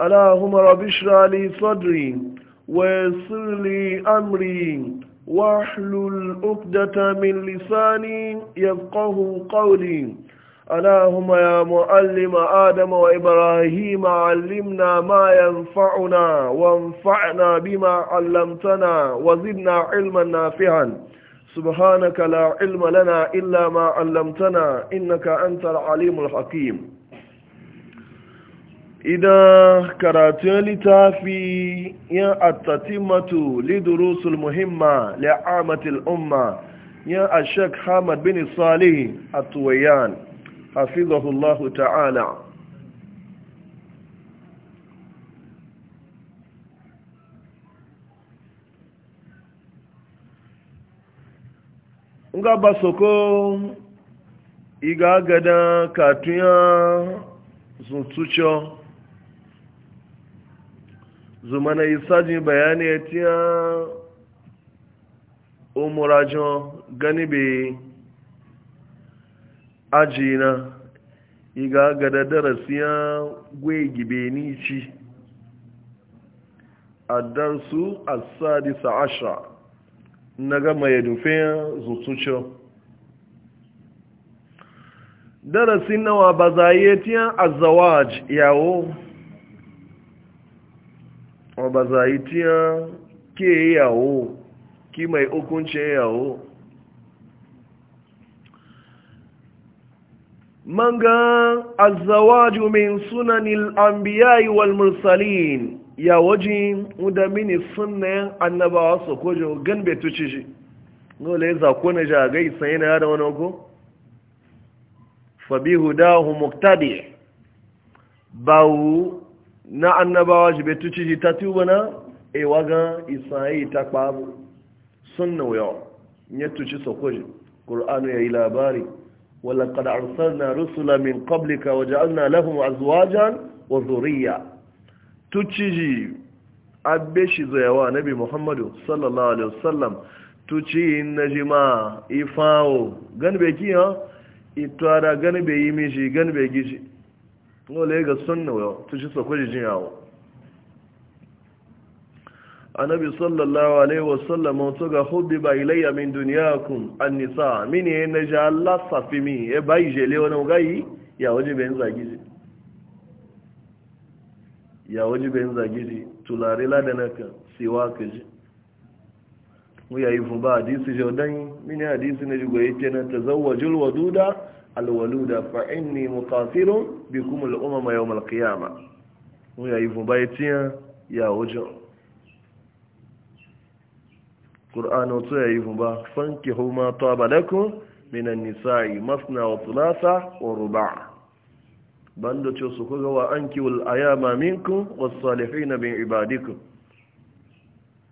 اللهم رب اشرح لي صدري ويسر لي امري واحلل عقدة من لساني يفقه قولي اللهم يا معلم آدم وإبراهيم علمنا ما ينفعنا وانفعنا بما علمتنا وزدنا علما نافعا سبحانك لا علم لنا إلا ما علمتنا إنك أنت العليم الحكيم idan karatun littafi yan attatimatu lidurusul muhimma li'amatil umma a ashek hamad bin salih atuwayan hafizahullahu ta'ala nga ba soko iga gada katuya zuntucho zuma na isaji bayani ya tiya umurajen gani be aji na iga gada darasi ya gibe nici ci a darsu a sadisa asha na gama ya dufin zutucin Darasi nawa ba za a yi a azawaj yawo ba za yi tiya ke yawo ki mai hukuncin èyàwó manga azawaju min sunanil anbiya'i wal mursalin ya waji da mini annabawa su kojo gan betuci shi dole za ko na jagai sai na da wani ko fabi hudahu muktadi bawu na annabawa shi betu ci ta tuba na e waga isa'i ta kpabu sunna yawa ya tuci sokoji qur'anu ya yi labari wala qad arsalna rusula min qablika waje ja'alna lahum azwajan wa dhurriya tuci ji abbe shi zoyawa nabi muhammadu sallallahu alaihi wasallam tuci najima ifawo ganbe kiyo itwara ganbe yimi shi ganbe gishi nole ga sunna yau tushi sakwai jin yawo annabi sallallahu alaihi wasallam wato ga hubbiba ilayya min dunyakum an-nisa min yana e ja Allah safi mi e bai je le wani gai ya waje ben zagiji ya waje ben zagiji tulare la da naka siwa kaji mu yayi fu ba hadisi jodan min hadisi ne go yake na tazawwajul waduda الولود فإني مقاتل بكم الأمم يوم القيامة ويا يفو بيتيا يا وجو قرآن وطوية يفو با فانكه ما طاب لكم من النساء مثنى وثلاثة وربع بندو تشوسكوغا وأنكي والأيام منكم والصالحين من عبادكم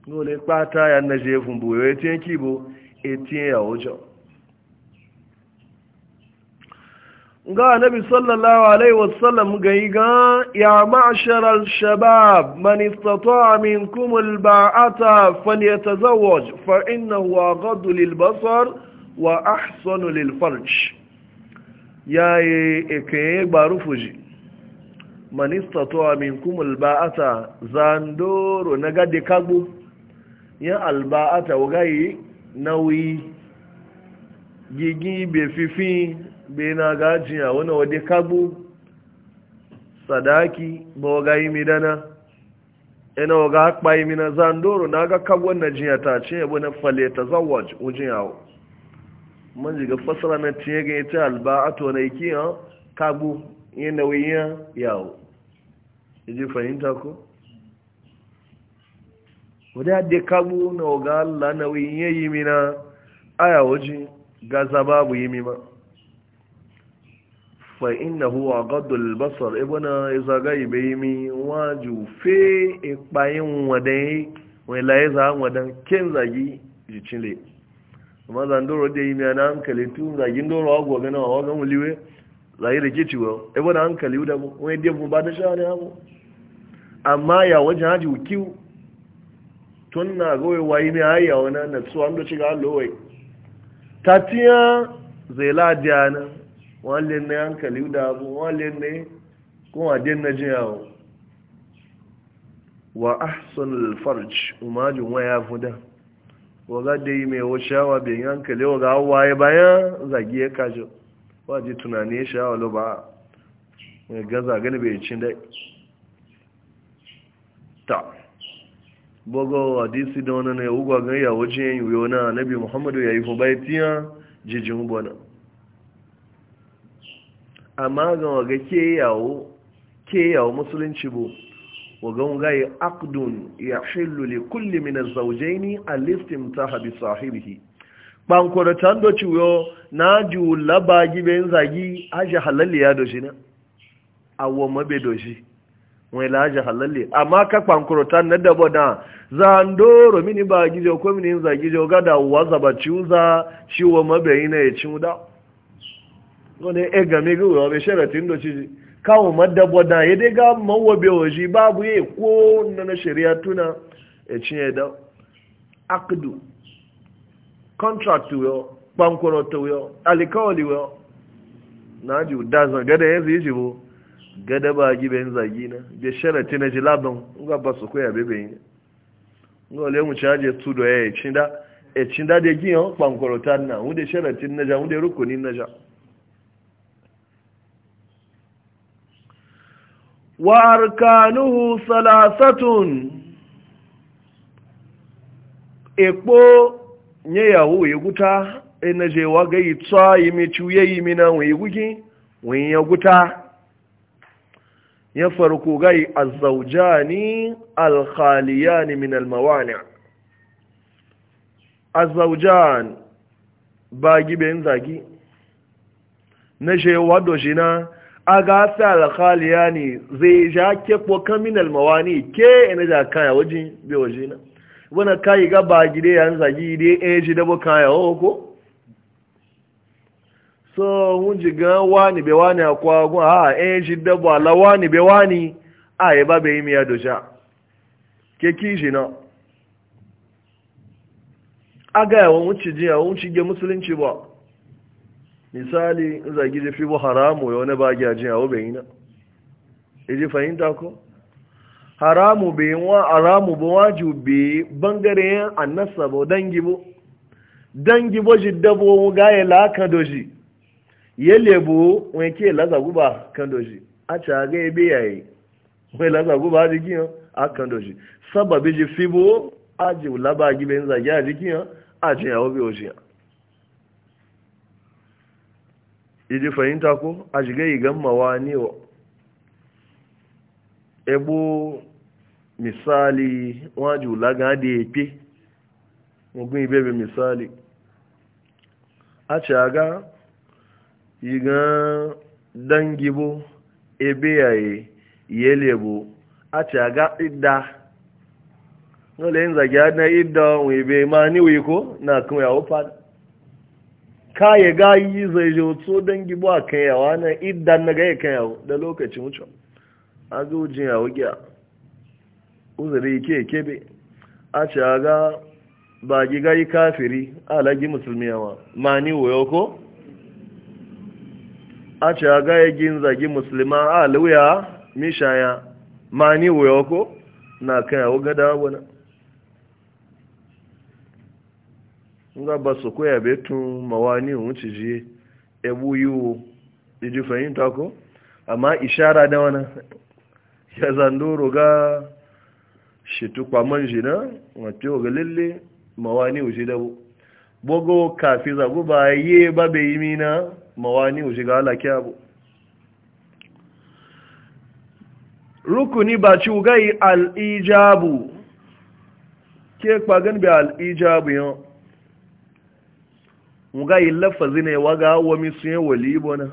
قولي قاتا يا نجيف بويتين كيبو إتين يا وجو ga nabi sallallahu alaihi wasallam gai ga ya ma'sharal shabab man istata'a minkum alba'ata falyatazawwaj fa innahu aghaddu lilbasar wa ahsanu lilfarj yi eke barufuji man istata'a minkum alba'ata zandoro na de kagbo ya alba'ata wagayi nawi gigi be fifin bai na gajiya wani wade kabu sadaki ba waga yi midana ina waga haɓa yi mina zandoro na ga kabu wannan jiya ta ce yabo na faleta ta zawaj ujin yawo man jiga fasara na tiye ga ita alba a tona iki ya kabu yi nauyin yawo iji e fahimta ko wadda da kabu na waga allah nauyin yayi mina aya waje gaza babu yi mima fa inna huwa gaddul basar ibuna iza ga ibe mi waju fe ipayin wadan wai la iza wadan ken zagi jicile amma zan doro dai mi an hankali tu zagin doro agwa gana wa ga muliwe zai da kici wa ibuna hankali da mu wai dai mu ba da sha ne abu amma ya wajen haji kiu tun na goyi wayi mi hayya wana na tsuwan do ci ga lowai tatiya zai ladiya na wale ne hankali da abu wale ne kuma den na jiyawo wa ahsan alfarj umajin waya fuda waga da yi mai washawa bin hankali waga waye bayan zagi ya kaji waje tunani ya shawa lo ba mai gaza gani bai cin dai ta bogo hadisi da ne ugwa ga yawo jin yi na nabi muhammadu ya yi fubaitiya jijin bana amma ga waga ke yawo ke yawo musulunci bu waga gaye akdun ya hillu kulle mina min az-zawjayn al-istimtaha bi sahibihi bankwaro tando ciwo na ju laba giben zagi aji halalliya ya doshi na awo mabe doshi wani la aje halalli amma ka bankwaro tan na dabo a zandoro mini ba gijo ko mini zagi jo gada wazaba za ciwo mabe na ya ci da? wani e game gwiwa wabe sharatin da ci kawo madabwa madabwada ya dai ga mawabe waje babu ya ko na na shari'a tuna ya cinye da akdu contract yo bankroto yo alikawali yo na ji dazan gada yanzu yi jibo gada ba giben zagi na da sharatin na jilaban ga ba su koya bebe yi ne wale mu ci caje tudo ya yi cinda e cinda da giyan bankrotan na wude sharatin na ja wude rukunin na ja واركانه salasatun. ekpo nye yahu iguta ina je waga itsa yimi chuye yimi na we gugi we yaguta ya farko gai azzaujani alkhaliyani min almawani azzaujan ba giben zagi na je wado jina aga sa alkhaliya ne zai ja ke ko kaminal mawani ke ina da kaya wajen bai waje na wani kayi ga ba gide yan zagi dai eh ji da kaya o ko so mun ji wani be wani akwa gun ha eh ji da ba la wani be wani a e ba be mi ya doja ke ki ji na aga ya won ci ji ya won ci ge musulunci ba misali in fi bu haramu ya wani ba gajin yawo bai yi na iji fahimta ko haramu bai wa haramu ba waju bai bangare yan annasa ba dangi bo dangi bo ji dabo ga ya la kan doji ye lebo wen ke la za guba kan doji a ta ga ebe yayi wen la za guba ji kiyo a kan doji sababi ji fibo aji la ba gi ben zagi a ji kiyo a ji yawo bai oji iji fahimta ko a shiga igan mawanewa ebo misali waju laga da epe ogun ibebe misali a ci aga igan dangibo ebe yaye yelebo a ci aga idda nole yin zagi na idda webe ma niwe ko na kuma yawo fada kaye gayi zai jotso don gibo a kan yawa na idan na gaya kan yawo da lokacin wuce a ga jin yawo giya uzuri ke kebe a ce a ga ba gi gayi kafiri alagi musulmi yawa ma ni woyo ko a ce a ga ya gin zagi musulma a lauya mishaya ma ni woyo ko na kan yawo gada wani nga ba ko koya betun mawani wuce je ebu yiwu fayin fahimta ko amma ishara da wana ya zandoro ga shi tukwa man shi na wato ga lalle mawani wuce da bu bogo kafi go ba ye ba be yi mina mawani wuce ga halaki abu rukuni ba ci al al'ijabu ke gan bi al'ijabu yau nga yi lafazi ne wa ga wami sun e yi wali na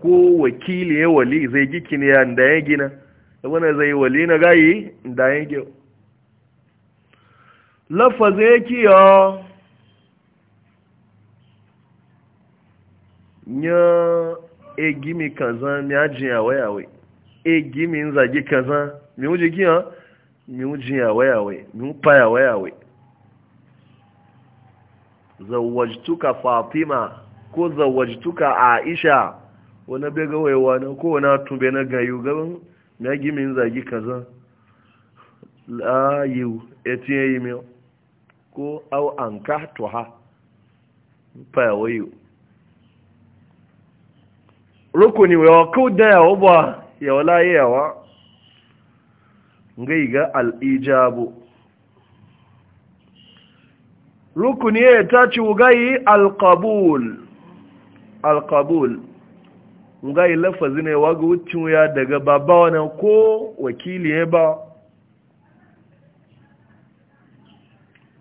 ko wakili e ya wali zai giki ne ya da e ya gina wani zai wali na gayi da ya gina lafazi ya kiyo nya egimi kaza mi ajin yawe yawe egimi nzagi kaza mi uji kiyo mi uji yawe yawe mi upa yawe yawe zawajtuka fatima ko zawajtuka aisha wana bega waiwa na ko wana tumbe na gayu gaban na gimin zagi kaza la etiye yi yimi ko au an toha tuha fayawayo rukuni wa ko da yawa ya wala laye yawa ngai ga al'ijabu rukuni ya ta ci wugayi alkabul alkabul wugayi lafazi ne ga wucin wuya daga baba wani ko wakili ba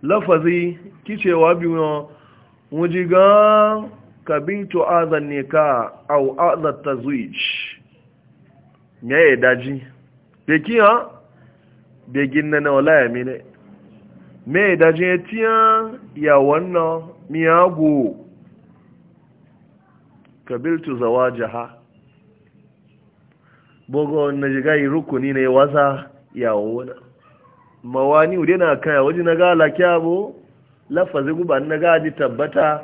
lafazi wa biyu wujigan kabintu azan ka au azan tazwij ya yi daji bekin ha begin na na wala ya mine me da je tiya ya wannan miyago kabiltu ha bogo na jigai rukuni ne waza ya wona mawani ude na kaya waje na ga lakyabo lafazi guba na ga ji tabbata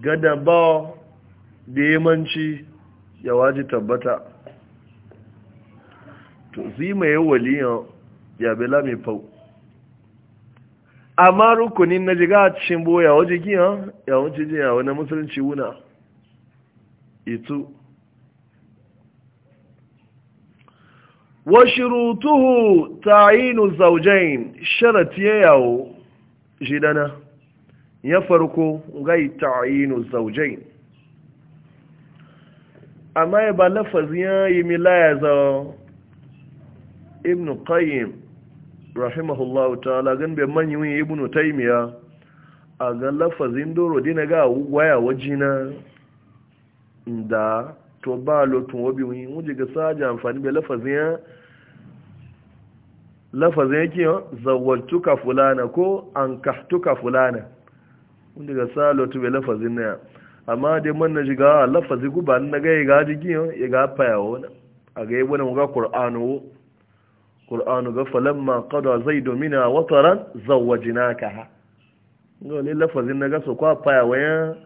gada ba da yamanci ya waje tabbata to zima ya waliyan ya bela mai fau amma rukunin na jiga cikin boya waje giya yawon cijin jiya na musulunci wuna itu wa shirutuhu ta'inu zaujain sharatiye yawo jidana ya farko gai ta'inu zaujain amma ya ba lafazin ya yi milaya za ibn qayyim rahimahullahu ta'ala gan bai manyan yin ibnu taimiya a ga lafazin doro dina ga waya wajina da to ba lotun wabi wani wuje ga saja amfani bai lafazin ya lafazin yake oh, zawaltuka fulana ko an kahtuka fulana wuje ga sa lotu bai lafazin na ya amma dai man na shiga lafazi guba na ga ya gaji ya ga fayawo a ga yi wani ga ƙur'anu ƙul'anu ga falamma kada zai domina wataran zawajina ka ha gani lafazin na gasa kwa faya wayan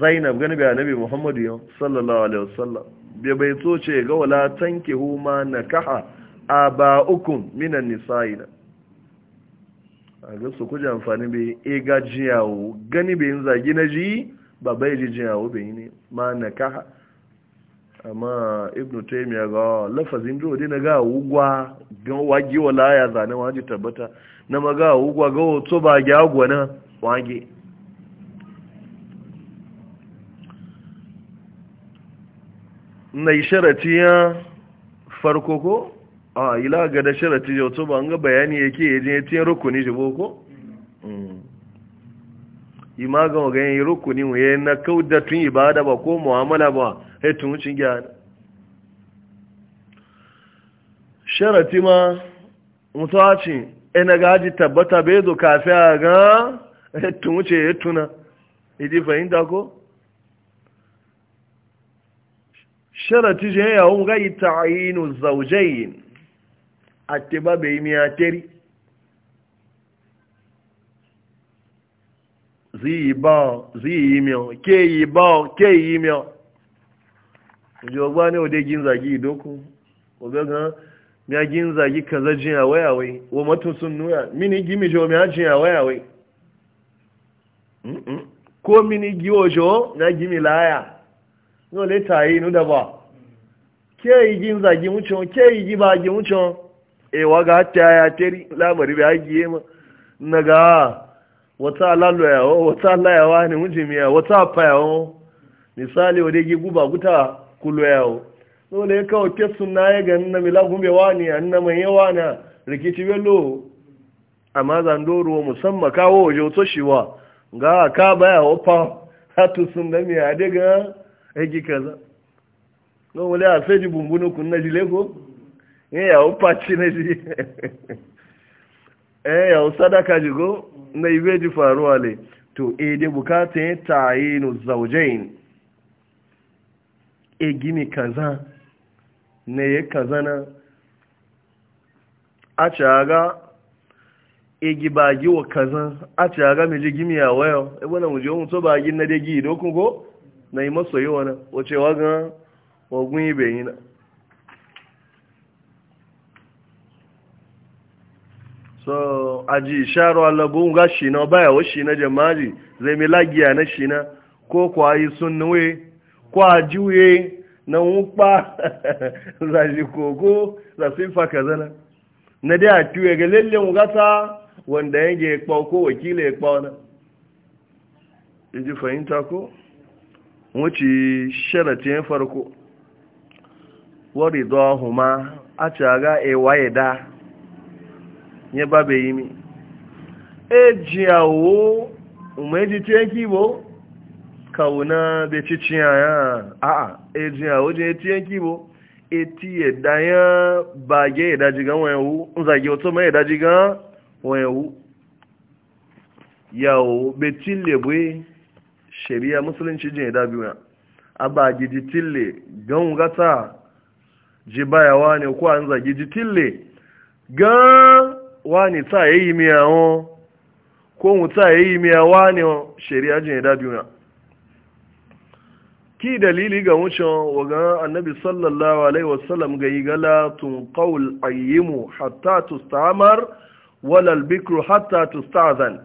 zainab gani bai anabi muhammadu yau sallallahu alaihi wasallam bai bai ce ga wala tanke huma na kaha a ba ukun minan na. a ga kuji amfani bai e ga jiyawo gani bai yin zagi na ji ba bai ji jiyawo bai yi ne ma na kaha amma ibn taimiyya ga lafazin do dai na ga wugwa don wagi wala ya zane waje tabbata na ma ga wugwa ga wato ba gyagwa gwana wage na yi sharati ya farko ko a ila ga da sharati ya wato ba an ga bayani yake yaje ya tiyan rukuni shi boko mm. ima ga ga yin rukuni mu yayin na kaudatun ibada ba ko mu'amala ba hetun wucin gyara sharati ma mutuwaci ina gaji tabbata bai zo kafi a ga hetun wuce hetuna idi fahimta ko sharati je yawon gayi ta'ayinu zaujayin a ti ba bai miya teri zai yi ba zai yi miya ke yi ba ke yi miya jogba ne wadai gin zagi doku oga ga ya gin zagi kaza jin a waya wa matun sun nuna mini gimi jo mi hajji a waya ko mini giwo jo na gimi laya no le tayi yi da ba ke yi gin zagi mucin? ke yi gi ba gi mucho e wa ga hatta ya teri lamari ba gi ma na ga wata lalo ya wata laya wa ne mujimi wata fa ya misali wadai gi guba gutawa? kulu yawo dole ka oke sunna ya ga nan mi lagun be wani annan mai yawa na rikici bello amma zandoro musamman kawo waje to shiwa ga ka baya opa hatu sunna mi adiga ga egi kaza dole a sai ji bumbunu kun na jile ko eh ya opa ci na ji eh ya sadaka jigo na ibeji faruwa le to ede de bukatun ta'yinu zawjain e gini kaza na ya kaza na a caga igi e bagi wa kaza a caga mai ji gimi a wayo ebe na muje mutu bagin na dai gidi dokun ko na yi maso yi wani wace wagan ogun yi bayi na so aji sharo alabun ga shi na baya wa shi na jamaji zai mi lagiya na shi na ko kwa yi sun kwa juye na nwụkwa za jikoko za sifa na dai a tuye ga lalle mu gasa wanda ko wakila e ya kwa na inji fahimta ko wuce sharatin farko wari zuwa ma a caga e waye da ya babe yi mi e jiyawo umeji tenki bo kauna bai ci ciyaya a'a e jiya wajen eti yanki bo eti ya daya bage ya daji gan wayawu in zage wato mai ya daji gan wayawu yawo bwe shari'a musulunci jin ya dabi wani a ba tile tille gan gata ji bayawa wani ko an zage ji tille gan wani ta yayi miyawon ko mu ta yayi awani ne shari'a jin ya ki dalili ga wucin waga annabi sallallahu alaihi wasallam ga yi gala tun kawul ayyimu hatta samar walal bikru hatta stazan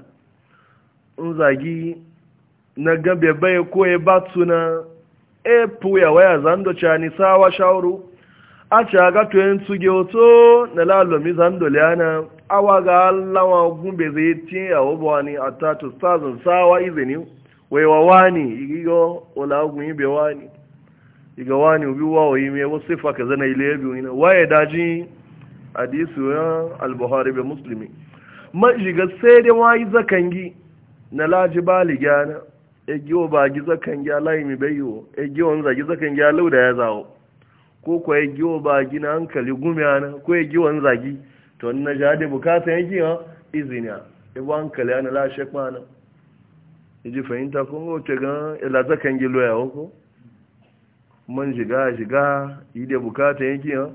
in zagi na gabe bai ko ya tuna e puya waya zando nisa sawa shawaru a ci a gato yin tuge oto na lalomi zando liyana awa ga lawa gumbe zai a wabuwa ni hatta stazan sawa izini wewa wani igigo wala ogun ibe wani iga wani wa wawo yi mewa sifa ka zana ile biyu ina waye daji hadisu ya al-buhari be muslimi ma jiga sai dai wayi zakangi na laji baligana egiyo ba gi zakangi alayi mi bayo egiyo wanza gi zakangi alau da ya zawo ko kwa egiyo ba gi na hankali gumiana ko egiyo wanza gi to na jade bukata yake ha izina, ya ibu hankali ana la shekmana iji fahimta kun wace gan ilaza kan gilo ya wako man shiga shiga yi da bukata yake ya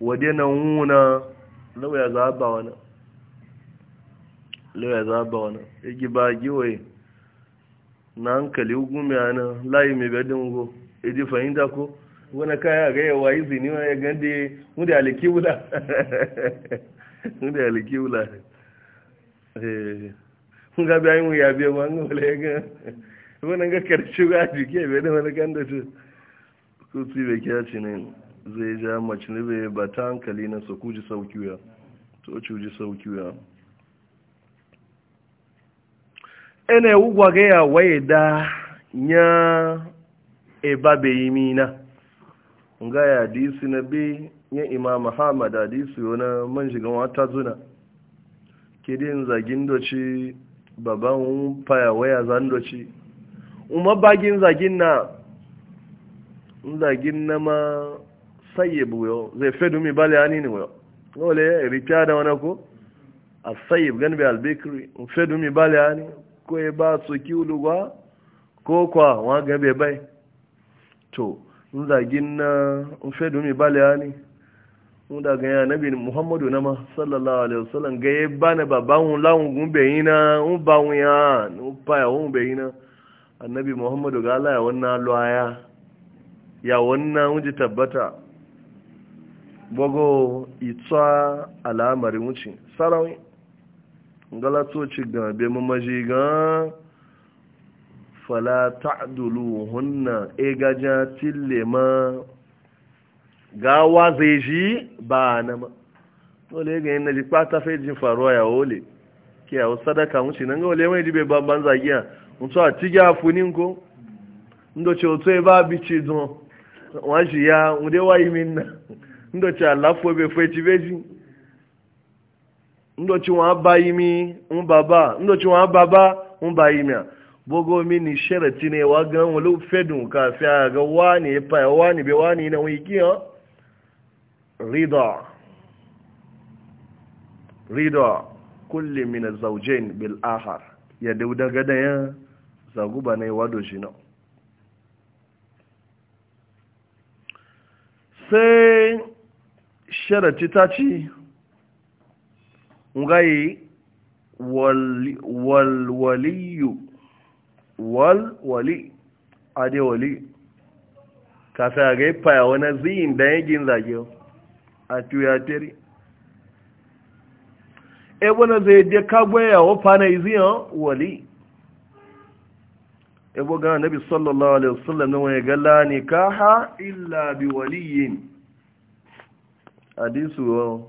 wade na wuna lauya za ba wani lauya za ba wani igi ba giwaye na hankali hukumi a nan layi mai bedin go iji fahimta ko wani kaya ga yawa yi zini wani ya gande mu da aliki wula mu ga biya mu ya biya wani wale ga nga ga karshe ga jike bai da wani kan da su su su kya ci ne zai ja mace ne bai ba ta hankali na su kuji sauki ya to cuji sauki ya ene wugwa wa ya waye da nya eba bai mi na Nga ya na bi nya imam Muhammad hadisi wani man shiga wata zuna kedin zagin doci baban faya waya zandoci umar bagin zagin na zagin na ma saye buyo zai fedu mi bale ani ni wayo wale ripiya da wani ko a saye gani bai albikiri fedu mi bale ani ko ya e ba su kiwulugwa ko kwa wa gabe bai to zagin na fedu mi bale ani mun da ga nabi muhammadu nama sallallahu alaihi wasallam ga ya bana baban hun lawun gumbe yina un ba hun ya un pa ya hun be yina annabi muhammadu ga Allah ya wannan loya ya wannan wuji tabbata bogo itsa al'amari wuce sarawi ngala to ci ga be mamaji ga fala ta'duluhunna hunna e gaja tilema. gawa zai ji ba na ma dole ga yin na kwata fai jin faruwa ya wole ke yawon sadaka wuce nan ga wale mai jibe babban zagiya mutu a ci gafu nin ko ndoce otu e bi abici don wọn shi ya wude yi min na ndoce alafo bai fai ci e beji ndoce wọn ba yi mi n baba ndoce wọn baba n ba yi mi a bogo mini sharati ne wa gan wani fedun kafin a ga wani e ya fa wani bai wani na wiki ha rida rida kulli min zawjain bil ahar ya dauda gada ya zaguba ne wado jino sai sharati ta ci ngai wal waliyu wal wali ade wali kasa ga faya wani ziyin da yagin zage. a tuyateri e wani zai je kagbe ya wofa na wali e gana nabi sallallahu alaihi wasallam na wani gala ne ka ha illa bi waliyin hadisu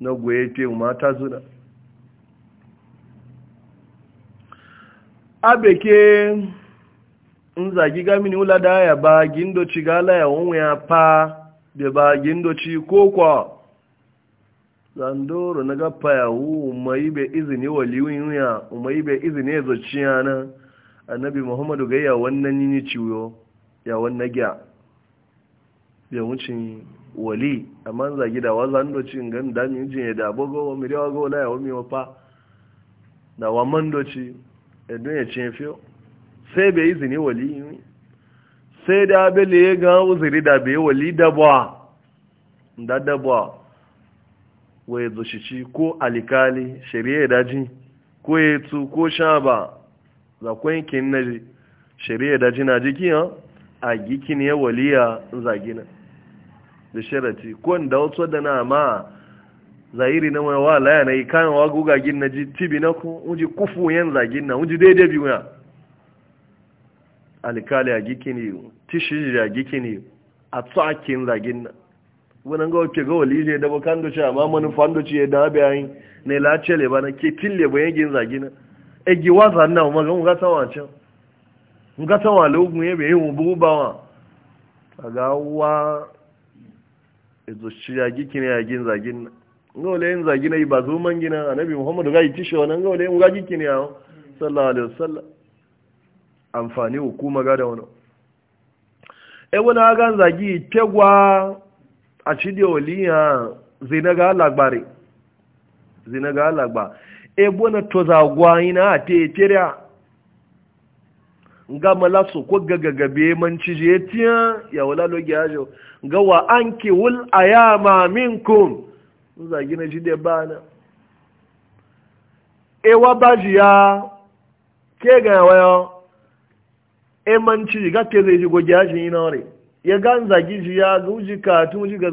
na goye ce mata zuna abeke nzagi gamini wula da ya ba gindo cigala ya onwe ya fa da bagin doci ko kwa zandoro na gafa yawo umayi bai izini wali liwin ya umayi izini ya nan yana annabi muhammadu ga ya wannan yi ciwo ya wannan gya bai wucin wali amma zagi da wa zandoci gan da mi jin ya dabo go wa mirewa go ya wa mi wa da wa mandoci edo ya cin fiyo sai bai izini wali yi sai da abele ya ga uzuri da bai wali dabuwa da dabuwa wai zushici ko alikali shari'a daji ko tu ko shaba za kin na shari'a daji na jiki ya a gikin ya wali waliya na da sharati ko da wato da na ma zahiri na mai wa laya na yi kayan wa gugagin na ji tibi na ku uji kufu yan zagin na uji daidai biyu ya Alikali a gikini tishiri a ne a tsakin zagin nan wani ga wake ga wali ne da bakan doce amma manufan doce ya dabe yayin ne lace le bana ke tille bayan gin zagina e gi waza nan ma ga ngata wancan ngata wa logun ne be mu bu ba wa ga wa ezo shirya gikine ne yagin zagin ga wale yin zagina ba zo man gina annabi muhammadu ga yi tisho nan ga wale yin ga gikine ya sallallahu alaihi wasallam amfani hukuma ga da wani ewu na gan zagi kegwa a cide waliya zinaga alagbari zinaga lagba E wani e, tozagwa ina a te tere nga malaso ko gagagabe man cije tiya ya wala logi ajo ga wa anki wul ayama minkum zagi na jide bana E ewa bajiya ke ga wayo emanci ga ke zai ji gogi yaji na ya gan zagi ji ya ga uji ka tun uji ga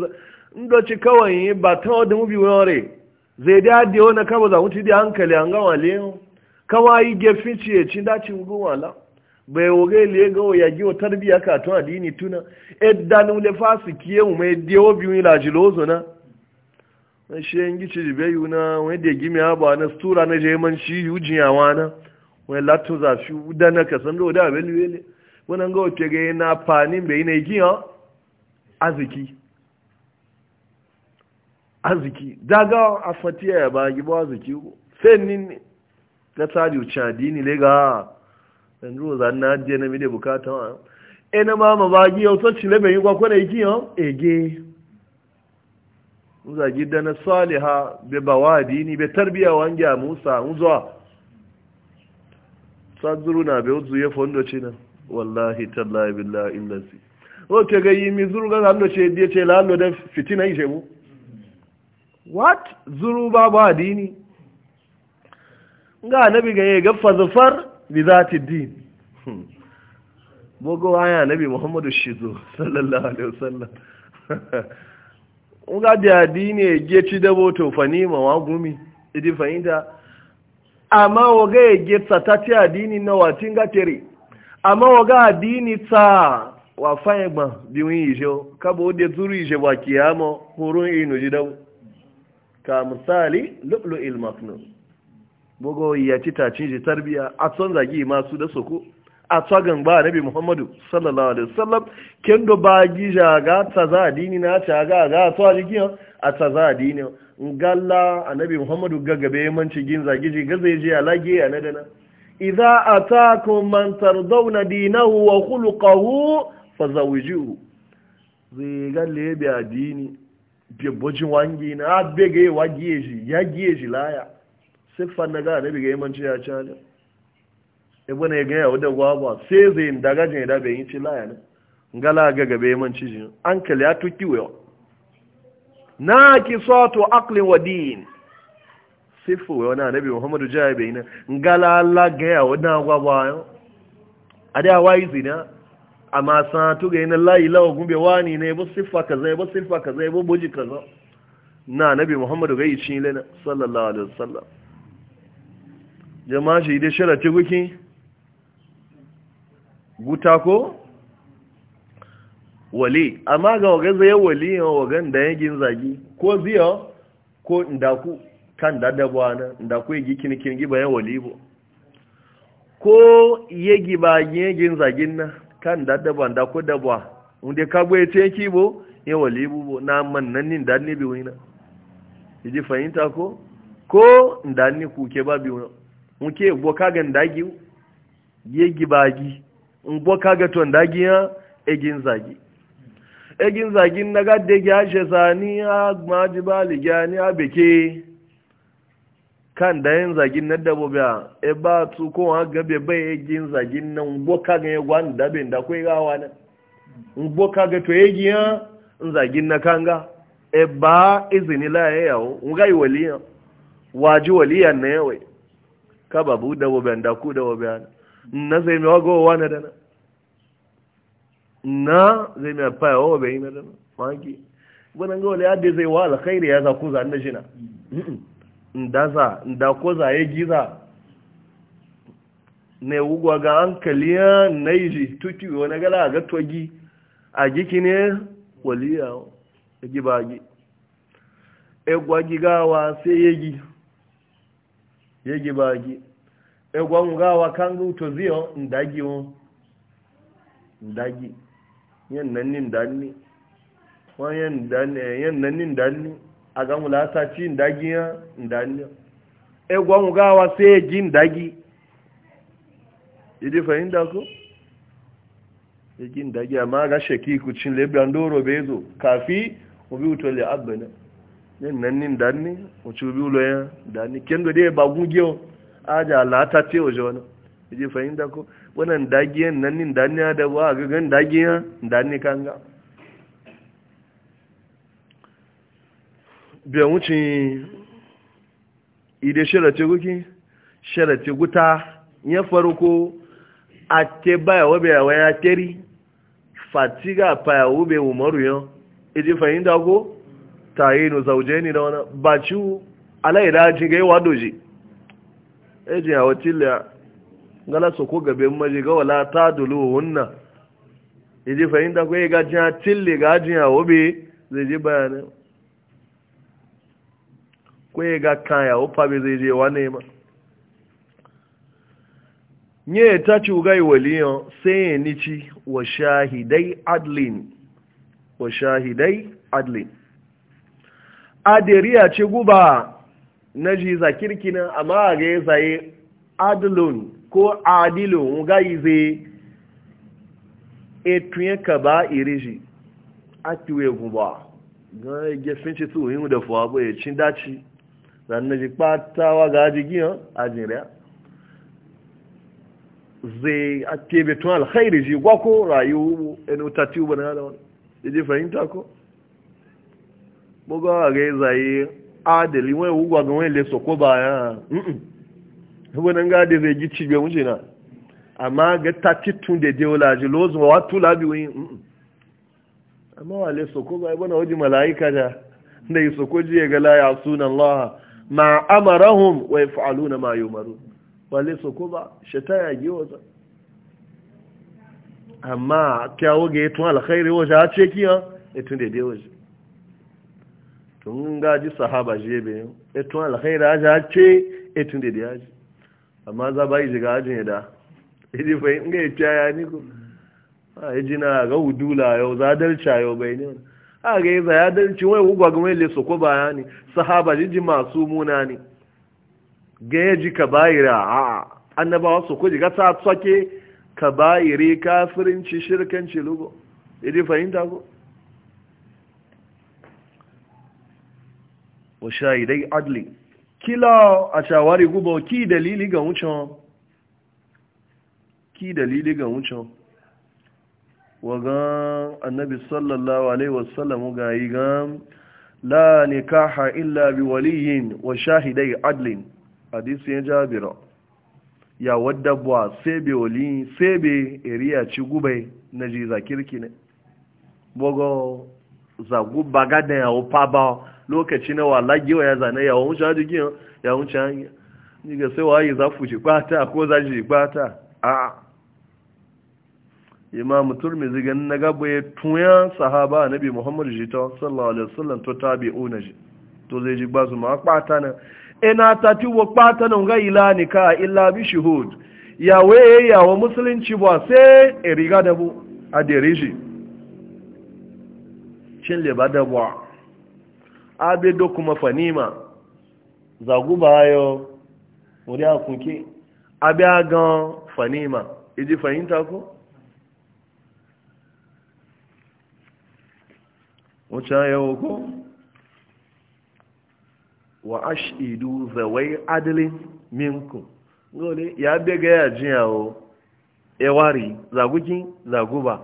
ndoci kawai ba ta wadda mubi wari zai da na wani kama za mutu da hankali an gawa le kama yi gefin ciye cin dacin bai woge le ga ya gi wa tarbiya ka tun adini tuna edanu le fasi kiye mu mai dewo biyu la jilozo na shi be yuna na stura na na wani latin zafi da na kasan da wadda abin wele wani ga wace ga na fanin bai na igiya Aziki. Aziki. daga a fatiya ya ba gibo arziki fenin ne na tsari wuce adini ne ga yanzu na ajiye na mide bukata wa ina e ma ma ba giya wasan cile bai yi kwakwana igiya ege Uza na saliha bai bawa adini bai tarbiya wangiya Musa, uzuwa sadzuru na bai wuzu ya fondo ce na wallahi tallahi billahi illazi o ke ga yi mi zuru ga hannu ce dia ce lalo da fitina yi mu what zuru ba ba dini ga nabi ga ga fazfar bi zati din bogo hmm. aya nabi muhammadu shizu sallallahu alaihi wasallam nga da dini ya ge ci dabo to fani ma wa gumi idi fahimta amma waga ya getsa ta ce adini na watin gatere amma waga adini ta wa fayin gban biyun ijo kaba wadda zuru ijo wa kiyama horon inu dau, ka misali lulu ilmafnu bugo ya ci tacin ji tarbiya a tson zagi masu da soko a tsagan ba nabi muhammadu sallallahu alaihi wasallam kendo ba gija ga ta za adini na ta ga ga to a jikin a ta za adini ngalla annabi muhammadu gagabe manci gin zagiji gaza yaje ya lage ya nadana idza ataakum man tardawna dinahu wa khuluquhu fazawijuhu zai galle bi adini bi boji wangi na abege wagiyeji yagiyeji laya sifa na annabi ga manci ya chala e bona ga ya wada gwaba sai zai daga jin da bayin ci laya ne ngala gagabe manci jin ankal ya tukiwe na ki kisatu aqli wa din sifu na annabi muhammadu jaya bai na ngalala gaya wani agwagwa yau a da wayi zina a masan tuga yana layi lawa gumbe wani ne ba sifa kaza ba sifa kaza ba buji kaza na annabi muhammadu gai ci lena sallallahu alaihi wasallam jama'a shi dai sharati guki guta ko wali amma ga wagan zai wali yawan wagan da yagin zagi ko ziyo ko ndaku kan dadabuwa na ndaku ya gikin kirgi bayan wali bo ko yagi ba yagin zagin na kan dadabuwa ndaku dabuwa wanda ka gwaye ta yanki bo ya wali bo na ni da ne biyu na yaji fahimta ko ko da ne kuke ba biyu na muke gbo kagan ndagi ya bagi in gbo kaga to ndagi ya egin zagi egin zagin na gadde gya she sani a maji bali gyani a beke kan da yin zagin na dabo biya e ba tu ko ha gabe bai egin zagin na ngbo ka ga gwan da da kwai gawa na ngbo ka ga to egiya zagin na kanga e ba izini la e ya yawo ngai waliya waji waliya na yawai ka babu dabo biya da ku dabo biya na sai mewa gowa wana da na na zai mai faya wa bai yi na maki gwanan gawale ya dai zai wa alkhairi ya za kuza na jina nda za nda ko za ya giza ne wugwa ga hankali ya naiji tuki wani gala ga togi a giki ne waliya ya gi ba gi egwa gigawa sai ya gi ya gi ba gi egwa ngawa kan gutu ziyo ndagi ndagi yan nan nin danni wọn eh, yan nan nin danni a ga mulata ci ndagi ya ndanni egwa mu gawa sai ji ndagi idi fahimta ko e ji ndagi amma ga shaki ku cin lebran doro bezo kafi mu bi uto le abana yan nan nin danni mu ci bi ulo ya danni kendo dai ba gugiyo aja lata ce ojo na idi fahimta ko wannan dagiyan nan nin daniya da wa ga gan dagiya dani kanga bi wuce ide ce guki ce guta ya farko a te baya wa ya teri fatiga ya ube umaru yo ije fahimta ko tayinu zaujeni da wani baciwu alaida jin ga yi wadoji ejin yawon ngala so ko gabe maji ga wala ta dulu hunna yaji fahimta ko ga jiya tilli ga jiya obe zai je bayanin ko ga kaya opa bi zai je wane ma nye ta ci ugai waliyan sai ya nici wa shahidai adlin wa shahidai adlin adiriya ce guba na ji zakirkina amma ga ya zaye adlin ko adilu ga ize etuyen ka ba iriji ati we gun ba ga e ge finci tu yin da fo abo e chin dachi dan na ji pata wa ga ji giyan ajin re ze atebe tun al khairi ji gwa ko rayu en utati uba na da wani e ji fahimta ko boga ga e zai adali wai ugwa ga wani le sokoba ya mm wani ga da zai gici bai wuce na amma ga ta da dewa laji lozuma wa tula bi wani amma wale soko ba ibana waje mala'ika da da yi soko jiya ga la ya suna Allah ma amarahum wa ya ma yumaru wale soko ba shata ya ge wata amma kyawo ga tun alkhairi waje a ce kiyan yatun da dewa waje tun gaji ji sahaba jebe yatun alkhairi a ce yatun da dewa ji. amma za ba yi shiga ajin ya da idi fahimta in ga ya ya ni ko a yi na ga hudula yau za dalca yau bai ne a ga yi za ya dalci wai ugwa ga mai leso ko baya ne sahaba jiji masu muna ne ga ya ji kabaira a annabawa su ko jiga ta tsake kabairi kafirinci shirkanci lugo idi fahimta ko wa shahidai adli kila a shawari gubo ki dalili ga wucin ki dalili ga wucin wagan annabi sallallahu alaihi wasallam ga yi gan la nikaha illa bi waliyin wa shahidai adlin hadisi ya jabira ya wadda buwa sebe waliyin sebe eriya ci gube na ji zakirki ne bogo zagu baga ya yawo faba lokaci na wa ya zane yawon wuce hajjigin yawon wuce hanyar ni ga sai waye za fuji bata ko za ji bata a imamu turmizi ganin na gaba ya tuya sahaba nabi muhammad jita sallallahu alaihi wasallam to tabi'una ji to zai ji ba su ma bata na ina ta wo bata na ga ila ni ka illa bi shuhud ya wa musulunci ba sai e riga da bu a deriji cin le ba da bu abedo kuma fanima zaguba ayo wuri akunke abe agan fanima iji fahimta ko wuce yawo ko wa ashidu zawai adalin minku gole ya bega ya jiyawo ewari zaguba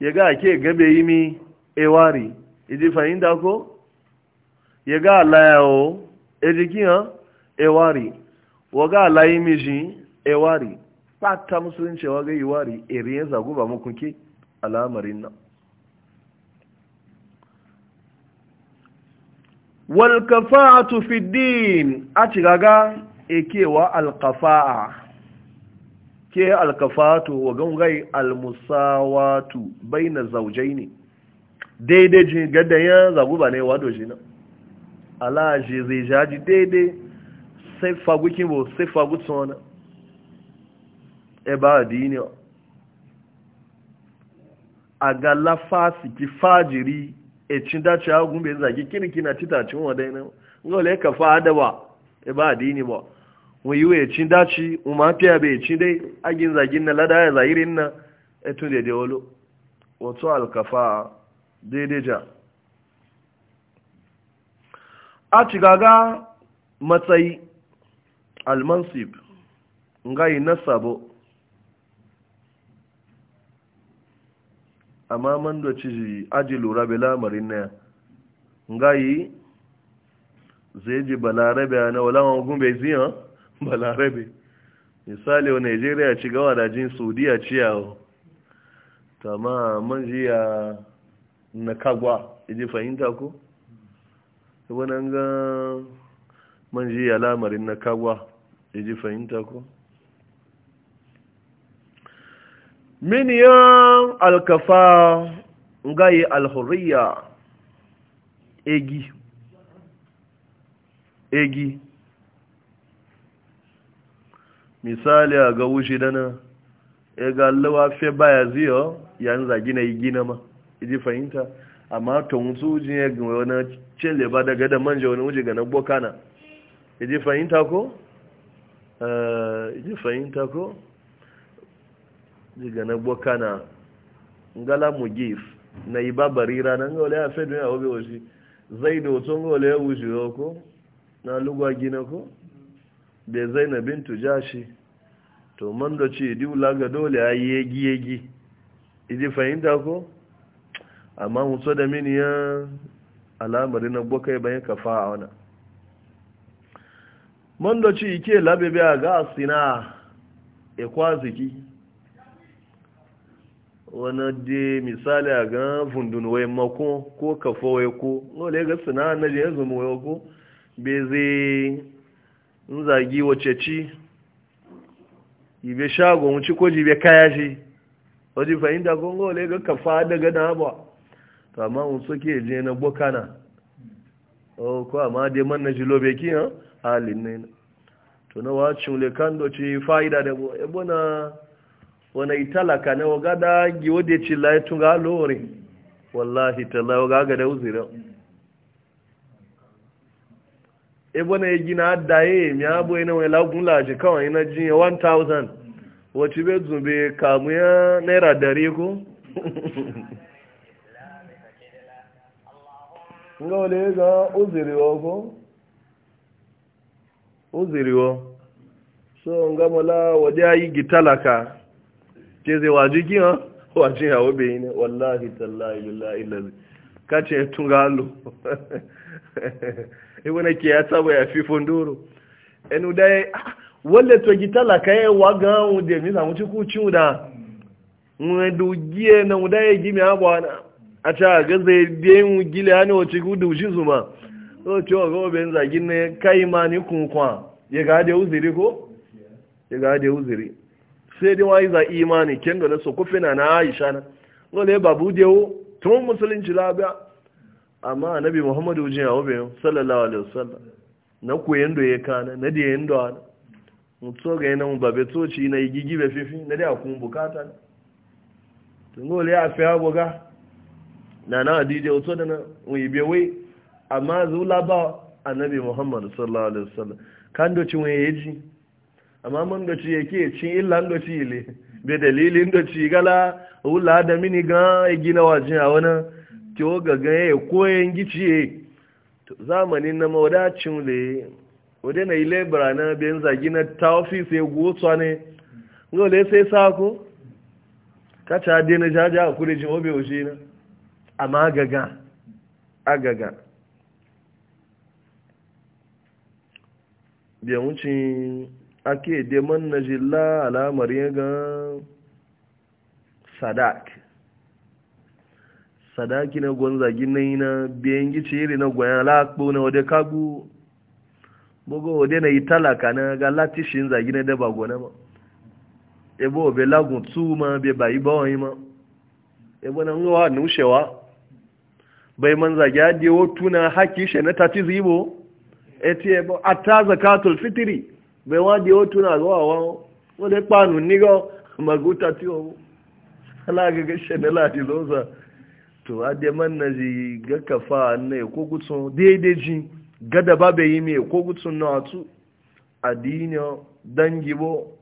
ya e ga ake gabe yi mi ewari iji fahimta ko ye ga alaya o ejikiyan ewari wo ga alayi miji ewari pata musulunci wa ga iwari eriyan zaguba mukunki al'amarin nan walkafa'atu fi a a cigaga ekewa alkafa'a ke alkafa'atu wagan gai almusawatu zaujai ne. daidai jin zagu zaguba ne wa shi nan alaje zai jaji daidai sai fagu kimbo sai fagu tsona e adini a ga ki fajiri e cin dace agun bai zagi kirki na titacin wadai na ngole ka fa adawa e adini ba wọ́n yiwu ẹ̀chí dáchi wọ́n máa tẹ́ abẹ́ ẹ̀chí dé agínzagín na ládáyà zahirin na ẹ̀tún dẹ̀dẹ̀ olú wato tó alkafa dédé ja. a gaga matsayi almansib ngayi nasabo amma man da ci aji lura bi lamarin na ngayi zai ji balarabe na walawan bai ziyan balarabe misali wa nigeria ci gawa da jin saudiya ciyawo tamam man jiya na kagwa iji e fahimta ko wani ga man ji alamarin na kagwa ya ji fahimta ko miniyan alkafa ngayi alhuriya egi egi misali a ga wushi dana ya ga fe baya ziyo yanzu a gina yi gina ma ya ji fahimta amma tun su ne ga wani cele ba daga da manja wani wuje ga na bokana iji fahimta ko? Eh, iji fahimta ko? ga na bokana ngala mu gif na yi babari na. ga wale a fedu ya obi wasi zai da wato ga wale ya wuce ya ko? na lugwa gina ko? da zai na bintu shi to man da ce diwula ga dole a yi yegi yegi iji fahimta ko? amma muso da mini ya alamari na bokai bayan kafa a wana mandoci ike labebe a ga e ekwaziki wani de misali a ga fundun wai mako ko kafa wai ko wale ga sinaa na je zuma wai ko be zai nzagi wace ci ibe shagon wuce ko jibe kaya shi wajen fahimta ko wale ga kafa daga na abuwa to amma un soke je na bokana o oh, ko amma dai man na jilo be ki ha halin ne to na wacin le kando ci faida da bo e bona wana italaka na wagada giwode ci lai tunga lore wallahi talla ga da uzira e bona e gina daye mi abo ina wai lagun laje kawai na ji 1000 wace be zube kamuya ya naira dare ko nga ole ga uziriwo ko uziriwo so nga mala waje ayi gitalaka keze waji ki ha waje ya obe ne wallahi tallahi billahi lazi kace tunga allo e wona ke ya tabo ya fi fonduru enu dai ah, wale to gitalaka e waga unde mi na mutu ku chuda mwe dugie na udaye gimi abwana a ca ga zai biyan gile hannu wace gudu shi su ba so cewa ga obin zagin ne kai ma ni kunkwa ya ga da uziri ko ya ga da uziri sai dai wai za imani ken ga so kufina na na aisha na dole babu dewo tun musulunci labiya amma Anabi muhammadu jin awo bayan sallallahu alaihi wasallam na koyen do ya kana na da yin do ana mutso ga yana mu babe toci na igigi be fifi na da kun bukata tun dole ya fi abuga na na adije wato da na wai bewai amma zula ba annabi muhammad sallallahu alaihi wasallam kan doci wai ji amma man doci yake cin illa doci ile be dalilin doci gala wula da mini ga gina waje a wani tiwo ga ga ya koyen gici zamanin na mawadacin le wade na ile birane ben zagi na ta ofis ya gotsa ne ngole sai sako kacha dena jaja kurejin obe oje na ama agaga agaga biya wucin ake deman na jilla alamar yaga sadak sadaki na gwanzagi na yi na biyan gici iri na gwayan al'akpo na wade kagu bugu wade na yi talaka na ga latishin zagi na daba gwana ma ebe obe lagun tu ma be bayi bawon yi ma ebe na nwa nushewa bai man zagi adi tuna na haki shi na tati zibo eti ebo ata zakatul fitiri bai wa di wotu zuwa wa wale kpanu nigo maguta ti o ala gaga shi na lati loza to adi man na ji ga kafa ne ko gutsun daidai ji gada ba bai yi me ko gutsun na atu adinyo dangibo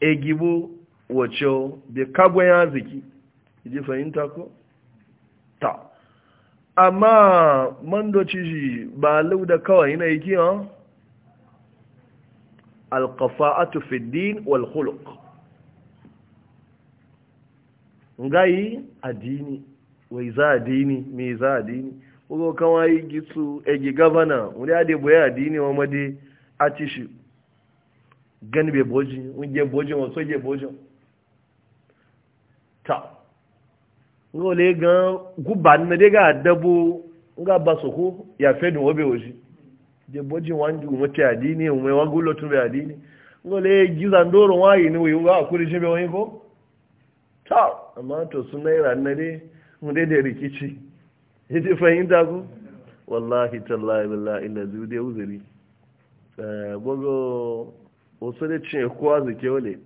egibo wacho bi kagwe ya ziki ji fahimta ko ta amma mandoci shi ba da kawai na yake Alkafa alqafa'atu fi din wal khuluq ngai adini wai za dini me za dini ugo kawai gitsu egi governor wuri ade boye adini wa made atishi ganbe boji unje boji wa soje boji ngole gan guba na ga dabo nga basoko ya fedu obe oji je boji wanju mote adini umwe wagulo tumbe adini ngole giza ndoro wayi ni uyu wa kuri jibe wango ta amma to sunna ira nare mu de da rikici yace fahimta ko wallahi tallahi billahi illa zude uzuri eh bogo osere cin ko azike ole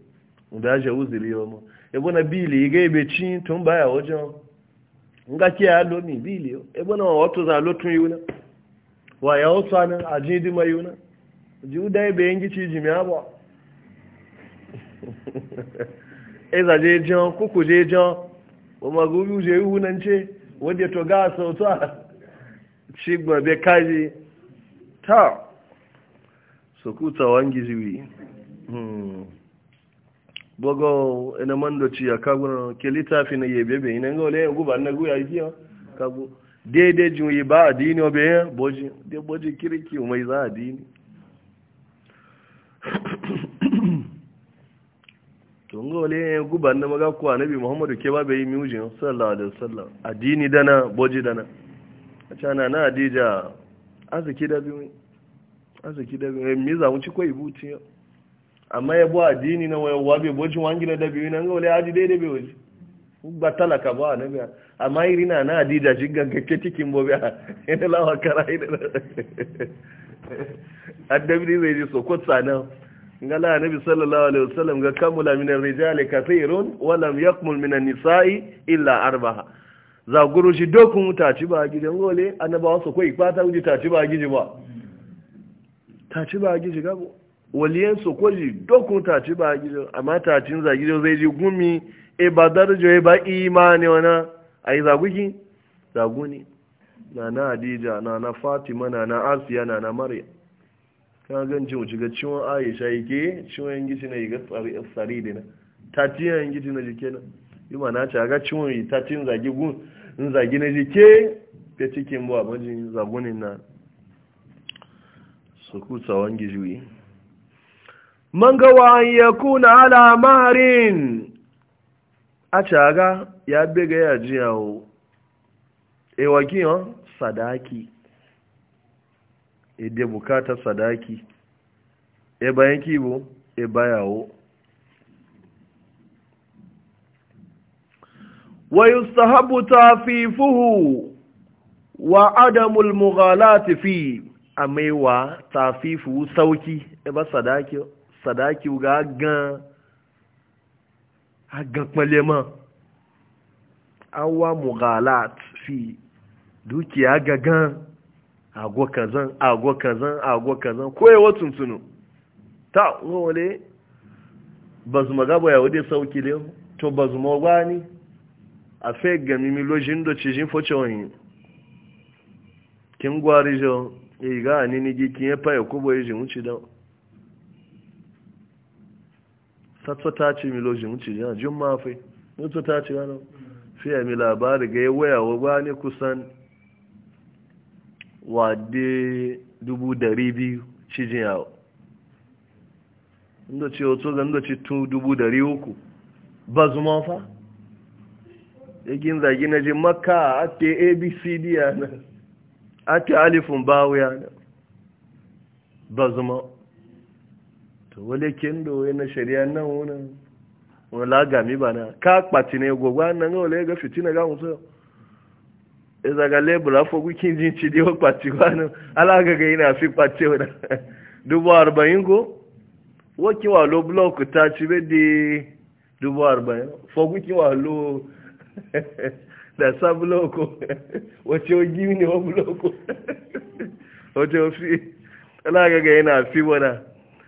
mu da je uzuri yomo ebona bili ga ebe chi tun baya wajen nga ke ya lo mi bili ebona wato za lo tun yuna wa ya wasu anan aji di mai yuna ji uda ebe yin gici jimi aba eza je jan kuku je jan wa magobi uje yi hunan ce wadda to ga sauta ci gbabe kaji ta sukuta wangi ziwi hmm bogo ina mando ci ya kagu ke littafi na yebe be ina ngole ya guba na guya yi kagu daidai jin yi ba adini obe ya boji de boji kiriki mai za adini to ngole ya guba na maga ku anabi muhammadu ke ba be yi sallah sallallahu alaihi wasallam adini dana boji dana cana na adija zaki da biyu zaki da biyu eh, mi za mu ci ko ibuti amma ya bu addini na wayo wabe bocin wangi na dabi na ngole aji daidai be waje ba talaka ba na biya amma iri na na adida jigan kake cikin bobe a ina lawa karai da addabi ne zai ji so ko tsana ngala nabi sallallahu alaihi wasallam ga kamula min ar rijal kathirun wa lam yakmul min an-nisa'i illa arba'a za guru shi dokun ta ci ba gije ngole annabawa so koi fata uji ta ci ba giji ba ta ci ba giji gabo waliyan sokoli dokun taci ba gido amma tacin za gido zai ji gumi e ba darajo e ba imani wana yi zaguki zaguni na na adija na na fatima na na asiya na na mariya ka ganci mu shiga ciwon aisha yake ciwon gici na yi ga tsari dina tatiyan gici na jike na yi ma na ci a ga ciwon yi tatin zagi gun zagi na jike ta cikin bu a majin zagunin na su kusa wangi juyi manga wa an kuna ala maharin a caga ya bega ya ji yawo ewa giyan sadaki ede bukata sadaki e bayan kibo e bayawo wa yustahabu tafifuhu wa adamul mughalati fi amewa tafifu sauki e ba sadaki sadaki ga gan agan kwalema awa mughalat fi dukiya gagan agwa kazan agwa kazan agwa kazan koyewa tuntunu ta wale bazuma su ya wade sauki ne to bazuma su ni a fe gami milojin da cijin wani kin gwari jo ga ni ni gikin ya faye kubo ya jin wuce don satso ta ce milojin wuce yana jin mafai mutu ta ce yana fiye mi labari ga ya waya wa gani kusan wade dubu dari biyu cijin yawo inda ce wato ga inda ce tun dubu dari uku ba zuma fa ya gina zagi na jin maka a te abcd yana a te alifin bawu yana ba zuma to wale kendo na shari'a nan wani wani lagami ba na ka kpati ne gwagwa nan ga wale ga fitina ga musu izaga lebura fo gukin jin ci diwa kpati wani alaga ga yana fi kpati wani dubu arba'in ko waki wa lo blok ta ci be di dubu arba'in fo gukin wa lo da sa bloko wace o gimi ne wa bloko wace o fi alaga ga yana fi wani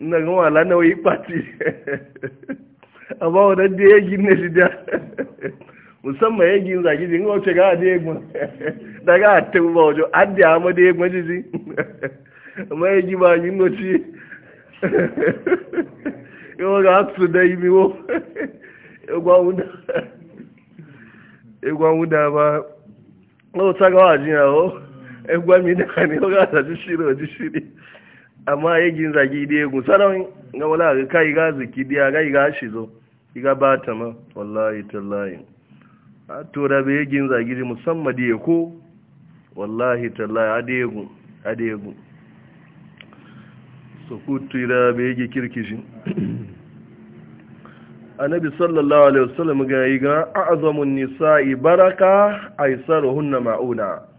na ga wala na wai pati amma wanda da ya gi ne da musamman ya gi zagi din ga wace ga da ya gwa daga ta ba wajo adda amma da ya gwa jiji amma ya gi ba ga su da yi miwo egwa wuda ba lọ́wọ́ sága wà jíyàn ó egwa mi náà ni ó gà àtàjú ṣírí òjú amma yagin zagi da ya sarau ga wala ga kai ga ziki da ga ga shi zo iga ba ta ma wallahi tallahi a to da be yagin zagi da musamman da ko wallahi tallahi adegu adegu so kutu da be yagi kirkishin annabi sallallahu alaihi wasallam ga yi ga a'zamun nisa'i baraka aisaruhunna ma'una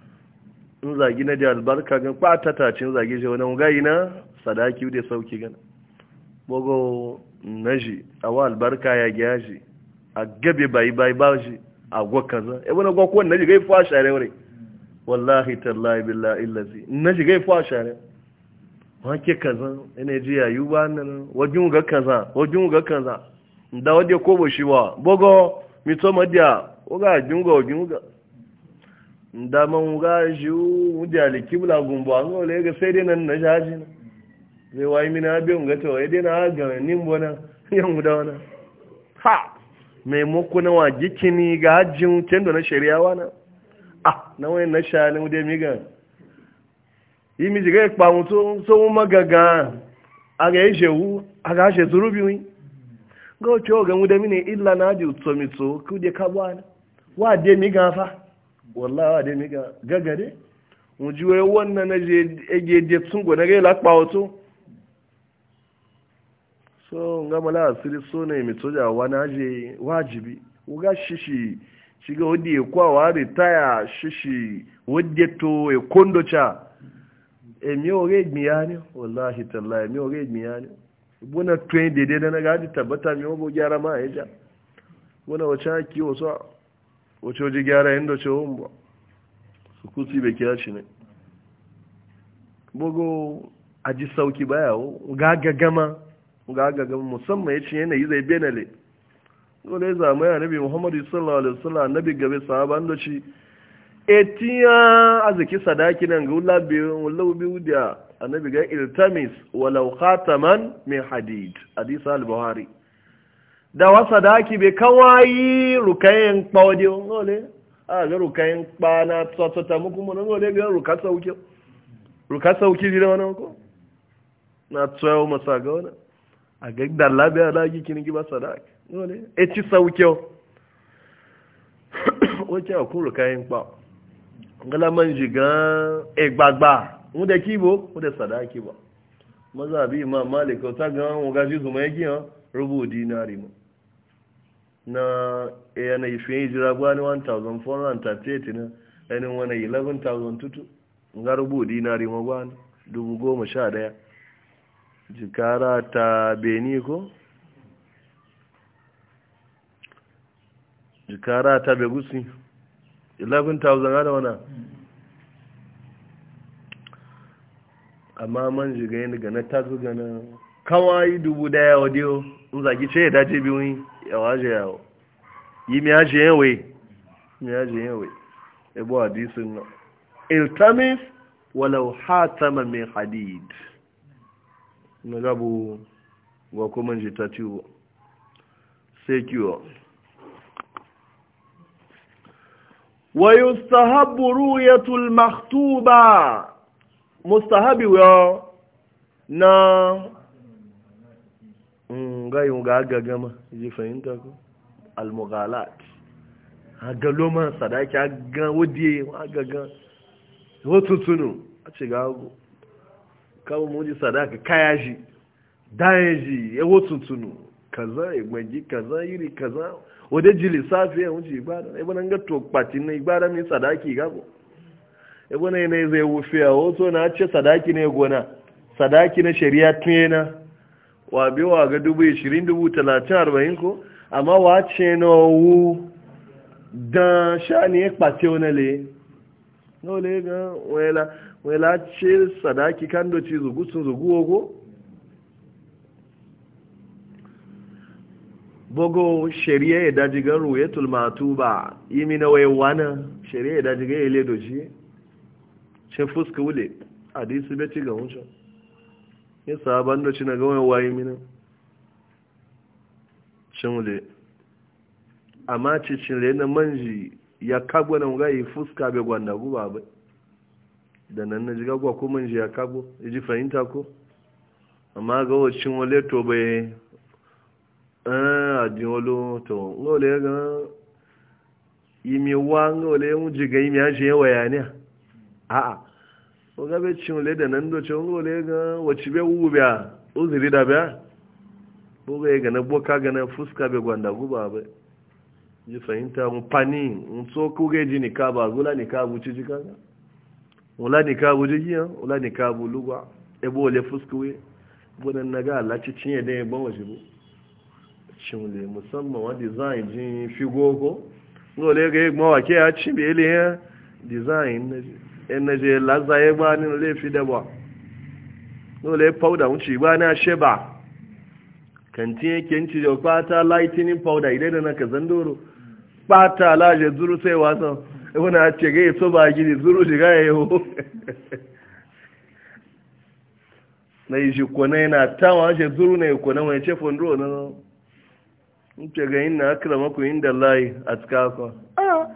in zagi na da albarka gan kwatata cin zagi shi wani gayi na sadaki da sauki gan bogo na shi a wa albarka ya gya shi a gabe bayi bayi ba shi a gwa kaza e wani gwa kowane na shi gai fa share wuri wallahi tallahi billahi illazi na shi gai fa share wake kaza ina ji yayu ba nan wajen ga kaza wajen ga kaza da wadda ko ba shi ba bogo mito madiya oga jinga oginga da man gaji wuje alikibla gumbo an gole ga sai dai nan na jaji na zai wayi mini abin ga to dai na ga nin bona yan guda wana ha mai muku na waje kini ga hajjin kendo na shari'a wana ah na wani na sha ne wuje ga yi mi jiga pa mu to so magaga aga yeshe wu aga she zurubi wi go cho ga mu da mini illa na ji utsomi so kuje kabwana wa de mi gafa wallawa da miga gagare ji wai wannan na je ege je ga na gaila kpawoto so nga mala asiri so ne mi wa na je wajibi ga shishi shiga wadi e kwa wa retire shishi wadi e to e kondo cha e mi o mi e yani wallahi tallahi mi o mi yani buna train de de na ji tabbata mi o bo gyara ma eja buna wacha kiwo so Wacce waje gyara yadda ce ba su kusi bai kira shi ne bugu a ji sauki baya gagagama gagagama musamman ya ce yanayi zai benale dole ya zama ya nabi muhammadu sallallahu alaihi wasallam nabi gabe sahaba da shi etiya azaki sadaki nan ga ulabi ulabi udiya annabi ga iltamis walau khataman min hadid hadith al-buhari da wasa da ake bai kawai rukayen kpawade nole a ga rukayen kpa na tsotsota muku mana nole ga ruka sauki ruka sauki jira wani ko na tsoyo masa ga wani a ga dalla bai ala gi kini gi ba sadaki nole e ci sauki wace a kun rukayen kpa gala man jiga egbagba mu da kibo mu da sadaki ba maza bi imam malik ta ga mu gaji zuma yagi ha rubu dinari mu na yanayi fiye jira gwani 1,438 na yanin wani 11,000 ga rubu dinari magwani dubu goma sha daya jikara ta beni ko? jikara ta begusi 11,000 hada wana amma man jiga yin gana ta zuga na kawai dubu daya wadiyo in zagi ce da je biyu yawa je yawo yi mi aje yawe mi aje yawe ebo hadisin no iltamis walau hatama min hadid na gabu wa kuma ji ta ciwo sai kiwo wa yustahabu ru'yatul maktuba mustahabi gayin ga agagama ji fahimta ko almughalat ga loma sadaki ga wadiye ga ga wato tunu a ce ga go kawo ji sadaka kaya shi e shi ya wato tunu kaza igbangi kaza iri kaza wadda ji lissafi ya wuce ibada ebe nga ga tokpati na ibada mai sadaki gabo ebe na yana zai wufiya wato na ce sadaki ne gona sadaki na shari'a tun wa biwa ga dubu ishirin dubu talatin arba'in ko amma wa ce na wu dan shani ya kpate wani le n'ole ga wela ce sadaki kan doci zugu sun zugu ogo bogo shari'a ya daji gan ruwetul matu ba yi mina wai wana shari'a ya daji gan ile doci ce fuska wule hadisi bai ga wuncin ya sabon da ci na gawon waye minin cinle amma ci cinle na manji ya kagwa na mga yi fuska bai gwanda guba bai da nan na ji gagwa ko manji ya kagwa ya ji fahimta ko amma ga wacin wale ah, to bai a jin walo to ngole ya ga imi wa ngole ya mu jiga imi ya ce yawa ya ne a'a ah, ah. o ga bai cin le da nan do ce ngo le ga wace be wu be uzuri da be ko ga ga na boka ga na fuska be gwanda guba be ji fahimta mu pani mu so ko ga ji ni ka ba gula ni ka bu ci ji kaga wala ni ka bu ji ya wala ni ka bu lugwa e bo le fuskuwe bonan ga Allah ci cinye da ban waje bu le musamman wa design jin figogo ngole ga yi mawa ke ya cimbe ile ya design na ji in na je laza ya ba ni le fi da ba no le powder wuce ba na sheba kanti yake nci da kwata lightning powder idan da na ka zandoro kwata laje zuru sai wasa wani a ce ga so ba gidi zuru shiga ya yi na yi shi kone na tawa shi zuru na yi kone wani ce fondro na ce ga na akira maku yin da layi a tsakakwa ah,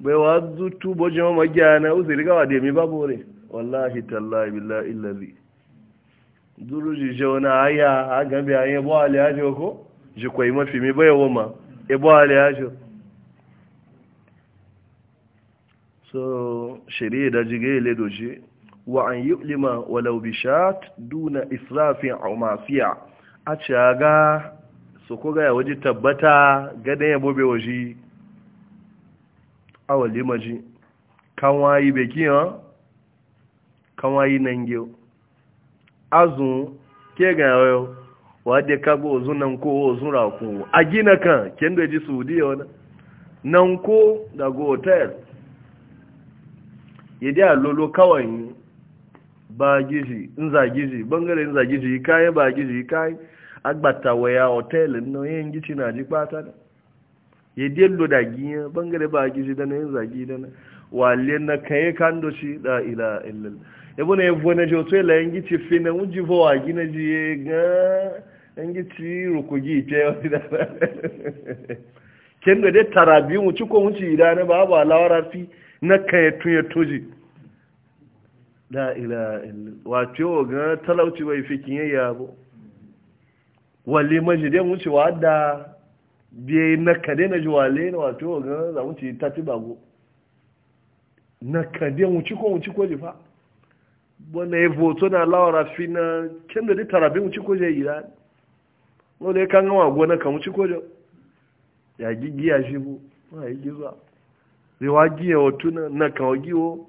bai wa zutu bojin wa magyana uzuri riga da mi babu re wallahi tallahi billahi illazi duru ji jona aya a gabe an yabo ali ajo ko e e e ji koyi mafi mi bai woma yabo ali ajo so shari'a da jige le doji wa an yu'lima walau Bishat duna israfin aw mafiya a ci aga su ko ga waje tabbata gadan yabo bai waje awal limaji kanwayi beki ha nange nangiyo azun ke ga yau wadda ka bo ozun nan ko ozun raku a gina kan ken ji saudiya wani nan ko daga hotel yadda a lolo kawai ba gizi nza gizi bangare nza za gizi kayan ba gizi kayan agbata waya hotel nan yin gici na ji kpata ya dello da giya bangare ba gizi dana nan zagi da nan wale na kaye kando shi da ila illal yabo na yabo na jo tsoye la yangi ci fi na unji fo wa gina ji ye ga yangi ci rukugi ce wani da ken ga dai tarabi mu ci ko mu ci ida na ba ba lawara fi na kaye tun ya toji da ila illal wato ga talauci bai fikin yabo wale majide mu ci wa da biye na kade na juwale na wato ga za mu ci ta ti bago na kade mu ci ko mu ci ko jifa bona e voto na lawara fina kendo di bi mu ci ko je ira no le kan wa gona kan mu ci ko jo ya gigi ya jibu ma yi giza ri wa gi o tuna na kan o gi o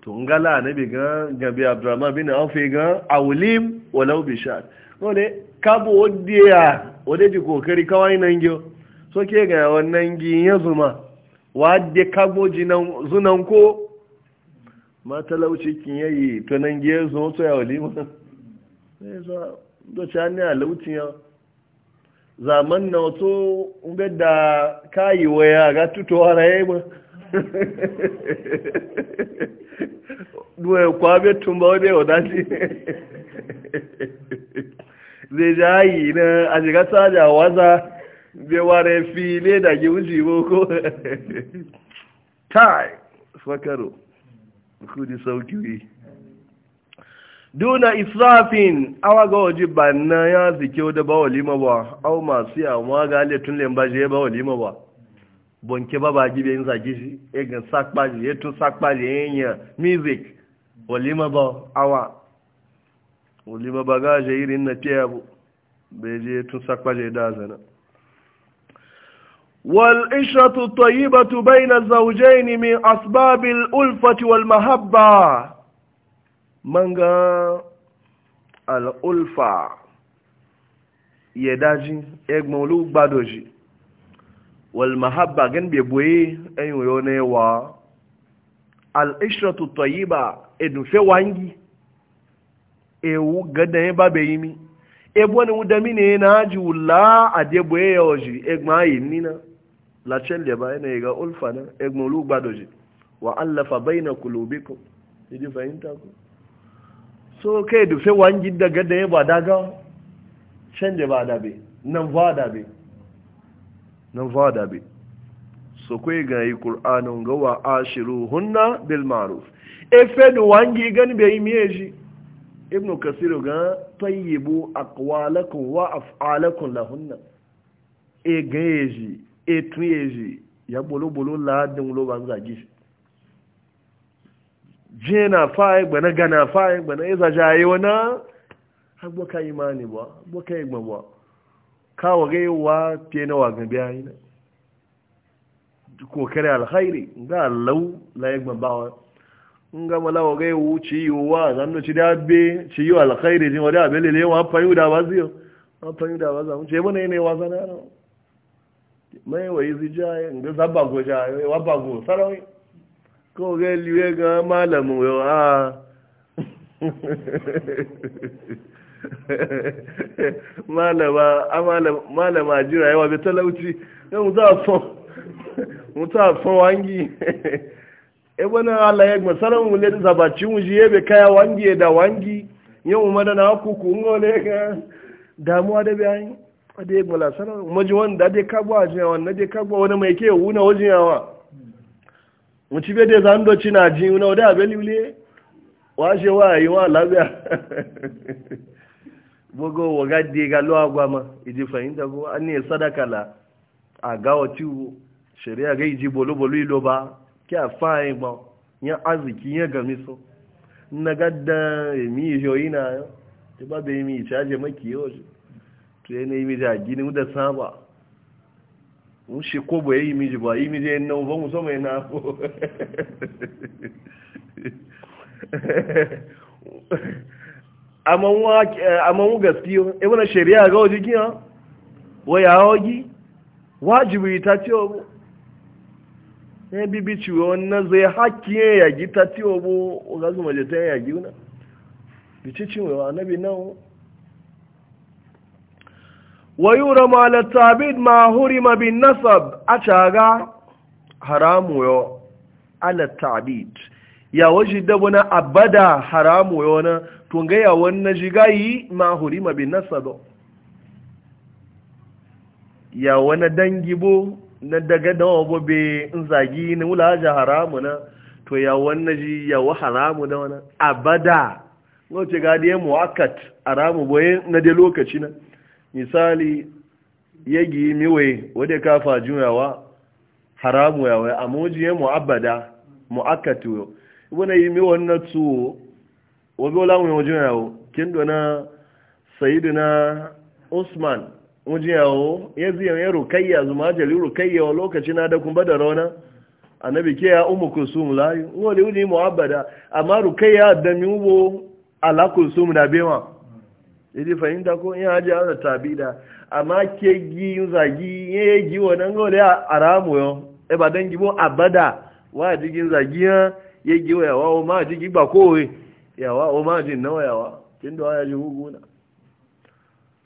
to ngala na bi ga gabe abdurrahman bin awfi ga awlim walau bishad wani kabu odiya wadda ji kokari kawai nan gyo so ke ga wannan gi ya zuma wadda kabo zunan ko ma kin yayi to nan gi ya zuma to ya wali ma sai so do cha ne a lauci ya zaman na wato umbe da kayi waya ga tutuwa na yayi ma duwe kwabe tumba wadda ya wadaci zai jayi na a shiga saja waza zai ware file da gimji boko tai fakaro kudi sauki duna israfin awa ga waje banna ya zike da ba walima ba au masu yawa ga letun lemba ba walima ba bonke ba ba gibe yin zage shi egan sakpa je e tun sakpa music walima ba awa ulima bagaje irin na tiyabu bai je tun sakwaje da zana والعشرة الطيبة بين الزوجين من أسباب الألفة والمحبة منغا الألفة يداجي يجمولو بادوجي والمحبة جن بيبوي أيو يوني و العشرة الطيبة إدو في وانجي ewu gada ya babe yi mi ebo ni wuda mini na aji wula adebo ya oji egma ayi nina la chelle ba yana ga ulfa na egma ulu ji, wa allafa baina kulubikum idi fahimta ko so kai da fe wangi da gada ya ba daga canje ba dabe nan ba dabe nan ba dabe so kai ga yi qur'anun ga wa ashiruhunna bil ma'ruf efe da wangi gani bai yi miyeji ibn kasir ga tayyibu aqwalakum wa af'alakum lahunna e gayeji e tuyeji ya bolo bolo la din lo ban zagi jena fai e gbana gana fai e gbana iza e jaye wana agbo ka imani ba agbo ka igba ba ka wa ga yawa te na wa gabe ayi na kokare alkhairi ga lau la igba ba nga malawa ga yiwu ci yiwu wa ci dabe ci yiwu alkhairi jin wada abele le wa fayu da ba wa fayu da ba zamu ce bane ne wa na mai wa yizi ja nga zabba go ja wa ba go sarawi ko ga liwe ga malamu yo a malama amala malama jira yawa e be talauci yau e za fon mu ta fon wangi ebana ala ya masaran wule da zabaci wuji yebe kaya wangi da wangi nye mu madana ku ku ngole ka damuwa da bayan da ya mala sana maji wanda da ka gwa jiya wanda da ka gwa wani mai ke wuna wajen yawa mu ci bede zan do ci na ji wuna da abeli wa washe wa ayi wa labiya bogo waga de ga lo agwa ma idi fahimta ko an ne sadaka la a gawo tiwo shari'a ga iji bolo bolo ilo ba kya fayin ba ya arziki ya gami so na gadda mi joyi na yo te ba be mi chaje maki yo ne mi gini da saba un shi yi mi yi mi je na ba mu so mai na ko e wajibi ya sai eh, bibi ciwo wannan zai haƙƙi ya gi ta ti obo ga zuma je ta ya gi una bici ciwo annabi nan wa yurama ala tabid ma hurima bin nasab achaga haramu yo ala tabid ya waji dabo na abada haramu yo na tunga ya wannan jigayi ma hurima bin nasab ya wani dangibo na daga da wabo be in zagi ni wula ja haramu na to ya wannan ji ya wa haramu da wani abada wace ga dai mu'akat haramu boye na dai lokaci na misali yagi miwe wade ka fa juyawa haramu yawai amma waje ya mu'abbada mu'akkat yo ibuna yi mi wannan tuwo wabe wala mu yawa kin dona sayyidina usman mujiyawo ya ziyan ya rukayya zuma jali rukayya wa lokaci na da bada da a annabi ke ya umu kusum layu wani wuni muabbada amma rukayya da miwo ala sumu da bewa ji fahimta ko in haji ana da amma ke gi zagi yi gi wannan a aramu yau ya e ba dangi mu abada wa jigin zagi ya yi gi wa yawa. wa ma jigi ba kowai. Yawa wa o ma jin nawa yawa. wa da wa ya ji huguna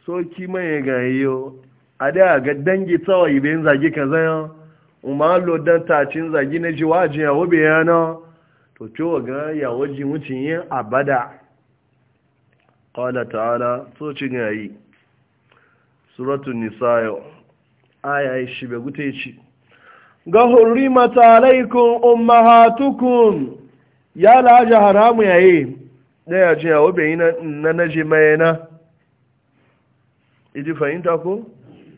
soki mai gayo a da ga dangi tsawai bayan zagi ka zayan umarlo don tacin zagi na ji wajin yawo bayana to cewa ga yawo ji wucin yin abada ƙwada ta'ala so ci yi suratun nisayo ayayi shi bai gute ci ga hurrimata alaikun ummahatukun Yala laji haramu yayi ji yajin yawo bayana na naji mayana iji fahimta ko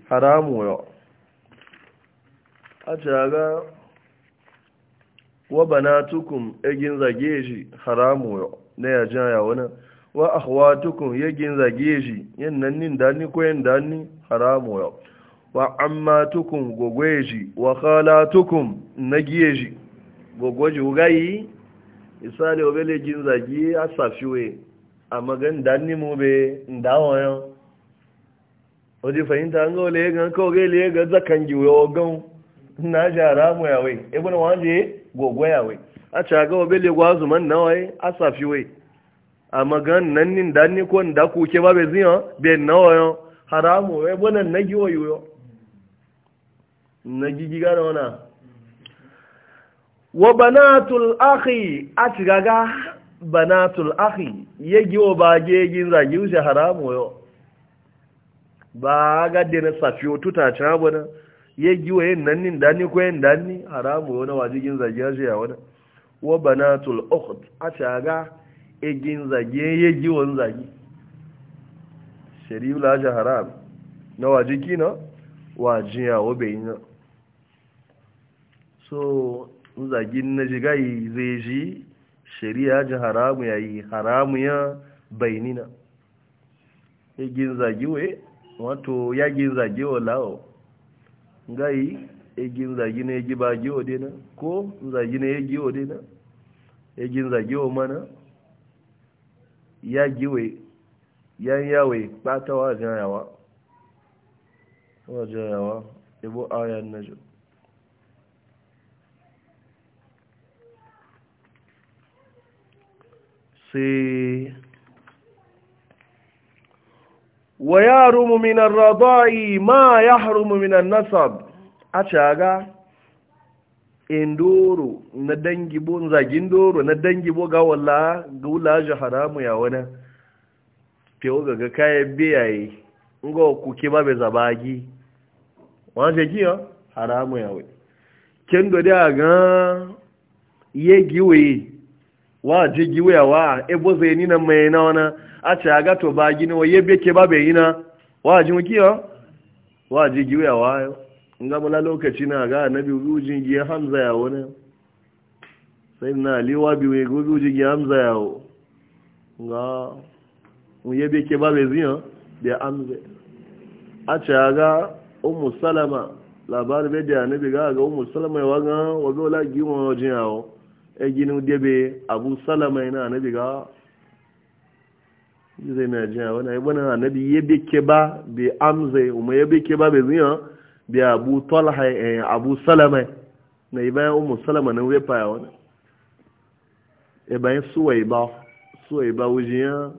haramu yau a caga wa banatukum egin zage shi haramu yau na ya ya wani wa akhwatukum egin zage shi yan nan nin dani ko yan dani haramu yau wa ammatukum gogoye shi wa khalatukum giye shi gogoji ugayi isale obele gin zage asafiwe amagan dani mu be ndawo yau waje fahimta an gawa ga kawo gai liye ga zakan giwa gan na jara mu ya wai ibn wanje gogo yawe a ci ga wa bele gwa zuman na wai a safi wai a magan nan nin da ni ko da ku ke ba be ziyo be na wayo haramu wai bona na giwa yo na gigi ga wana wa banatul akhi a ci gaga banatul akhi yegi wa ba gegin zagi wuce haramu yo ba ga dena safiyo tuta ta bana ya giwa yin nan nin dani ko yin dani haramu wani waji gin zagiya ce ya wani wa banatul ukhd a ta ga egin e ye ya on zagi shari'u la ja haram na wajiki na wajiya wa yin so zagi na jigai zai ji shari'a ji haramu yayi haramu ya bainina e gin zagiwe wato yagin zage wa lawo gai egin zage na yagi ba giwo dina ko zage na yagi wa dina egin zage wa mana yagiwe yan yawe batawa jayawa wa jayawa ibo ayan najo sai wa yarumu min ar-rada'i ma yahrumu min an-nasab a caga indoro na dangi bo zagin doro na dangi bo ga walla ga wulaji haramu ya wana fiyo ga ga kaya biyaye ngo ku ke ba be zabagi wanje giyo haramu ya we kendo da ga ye giwe wa jigi waya wa ebo ni na mai na ona a ce aga to ba gina wa yebe ke ba bai na wa ji muki o wa jigi waya wa yau in ga mula lokaci na ga annabi biyu jigi hamza ya wani sai na liwa biyu ga biyu jigi hamza ya wo ga mu yebe ke ba bai ziyan da hamza a ce aga ga ummu salama labarin bai da annabi ga ga ummu salama ya wa ga wa ga la giwon wajen eginu debe abu salama yana anabi ga zai na jiya wani aibana anabi ya beke ba bai amzai umar ya beke ba bai zuya bai abu talha eh, abu salama na ibayen umu salama na wepa ya wani ibayen e suwai ba suwai ba wujiyan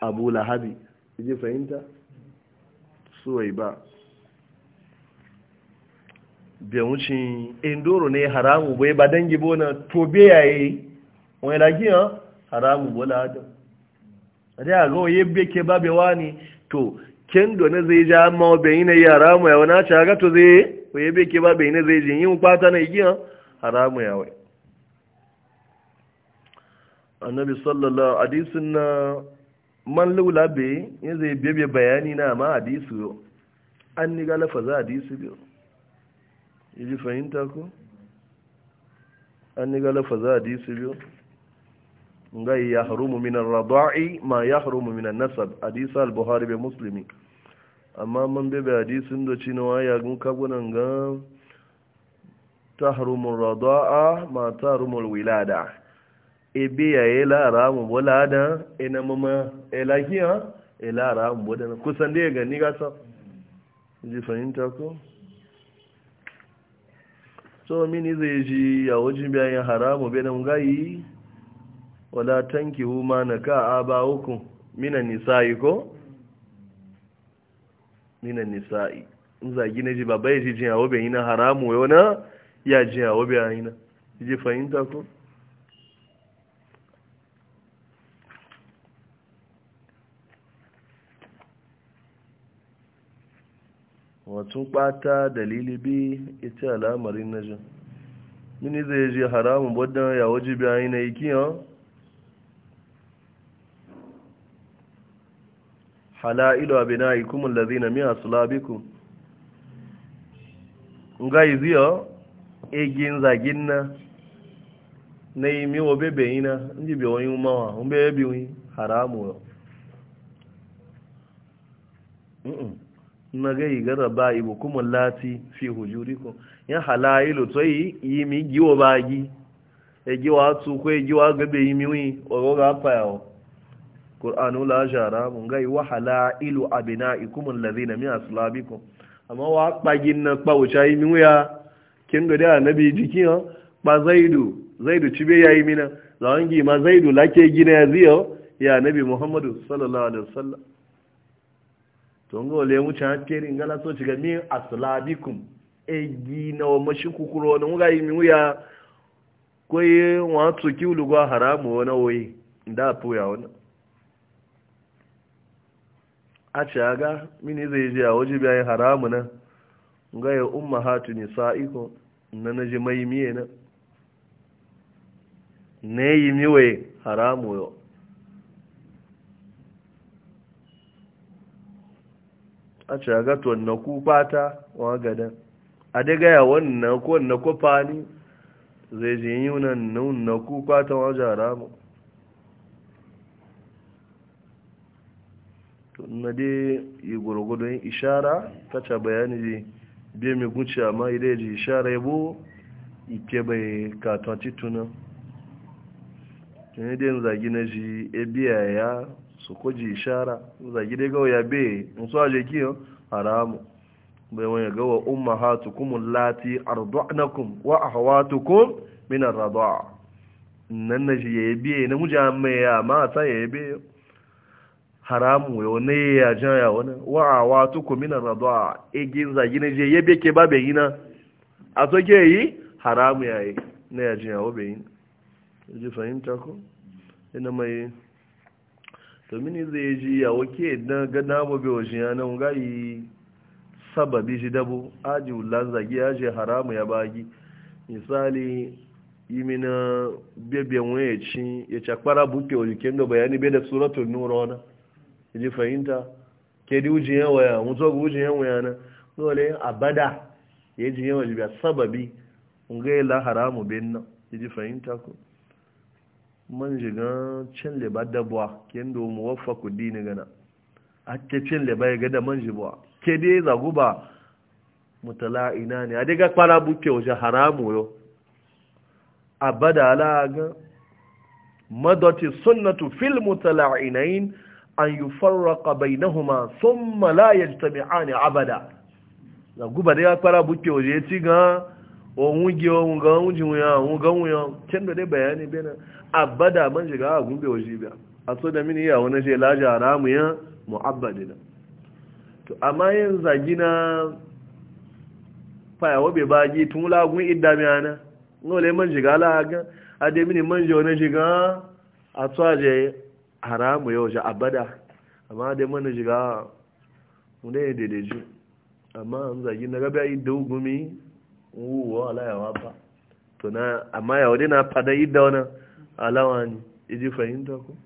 abu lahabi ji fahimta suwai ba bai wuce indoro ne haramu bai ba dangi bona to be wani lagi ha haramu bola adam da ga waye be ke ba be wani to kendo na ne zai ja amma yi na yi haramu ya wani ta haka to zai waye beke ke ba be na zai jin yin kwata na igi haramu ya wai annabi sallallahu alaihi na man lula bai yanzu zai bebe bayani na ma hadisu an ni ga lafaza hadisu biyu ji fahimta ko an ni galafa za a disu biyu Nga ya harumu minan raba'i ma ya harumu minan nasab hadisa al-buhari bai musulmi amma man bebe hadisin da wa ya gun kagunan ga ta harumun raba'a ma ta harumun wilada ebe ya yi lara mu bola da ina e mama elahiya ilara mu bola kusan da ya gani gasa ji fahimta ko so mini zai ji a wajen bayan haramu benin gayi wala tanki huma na ka a ba hukun minan nisa'i ko? minan nisa'i in zagi na ji babba ya ji jiyawa bayan haramu yau na ya jiyawa bayan ji fahimta ko? wato ɓata dalili bi ita al'amarin na jin mini zai je haramun wadda ya waje biya yi na iki yan hala'ilu abina ikumun lazina miya sulabiku nga iziyo egin zagin na na yi miwa bebe yi na ndi bi wani umawa un bebe yi haramun. na gai gara ba ibu kuma lati fi ko ya halayilu to yi yi mi giwo ba gi e giwa tu ko e giwa gabe yi mi wi oro ga pa yo qur'anu la jara mun gai wa halailu abinaikum alladhina min aslabikum amma wa gin na pa wucha yi mi wi ya kin gode annabi jiki ha pa zaidu zaidu cibe yayi mina zawangi ma zaidu lake gina ya ziyo ya nabi muhammadu sallallahu alaihi wasallam tonga ole mu cha teri ngala so chiga mi aslabikum egi na o mashi kukuro na muga yi mi ya koye wa tsoki ulugwa haramu wona oyi nda puya wona a caga mini zai je a waje bayan haramu na ga ya umma hatu ne sa'iko na na ji mai miye na ne yi miwe haramu yau a ce ga to na ku fata wa gada a dai gaya wannan ko na kufa fani zai je yi nan nun na kufa ta wa jara mu to na dai yi gurgudun ishara ta ca bayani je biya mai guci amma idai ji ishara yabo ike bai katon tituna ne dai zagi na ji ebiya ya su kwaji ishara zagi dai gawa ya be in su aje kiyo haramu bai wani gawa umma hatu kumun lati ardu'nakum wa ahawatukum min ardu'a nan na shi ya biye na muja mai ya mata ya biye haramu ya wani ya jan ya wani wa ahawatukum min ardu'a egin zagi na je ya be ke ba be yi na a to ke yi haramu ya yi na ya jan ya wa bai yi ji fahimta ko ina mai to zai yi ji ya wake na gana bobe wa jiyanan gayi sababi shi dabu aji wulan zagi ya je haramu ya bagi misali yi mina bebe wani ya cakwara buke wa jikin da bayani bai da suratun nura wana ya ji fahimta ke di ujiyan waya mutu ga ujiyan waya na dole abada ya ji yawa jibiya sababi ngai la haramu bin nan ya ji fahimta ko man jiga cin leba dabuwa ken do mu wafa ku dini gana a ke cin leba ya gada man jibuwa ke dai zagu ba mutala ina ne a daga kpara buke wajen haramu yo a bada ala ga madati sunnatu fil mutala inayin an yi farraka huma sun malayar tabi'ani abada zagu ba daga kpara buke wajen ya ci gan ohun gi ohun ga ohun ji wuya ohun ga wuya can da dai bayani bena abada man shiga a gumbe waje biya a so da mini yawon na shela jara mu ya mu'abbadina to amma yin zagi na fayawa bai bagi tun lagun idda miya na nole man shiga laga a dai mini man shiga na shiga a tsaje haramu yau shi abada amma dai man shiga mu ne daidai amma an zagi na gaba idda gumi wuwa alayawa ba to na amma ya ode na fada idda wani alawa ne iji fahimta ku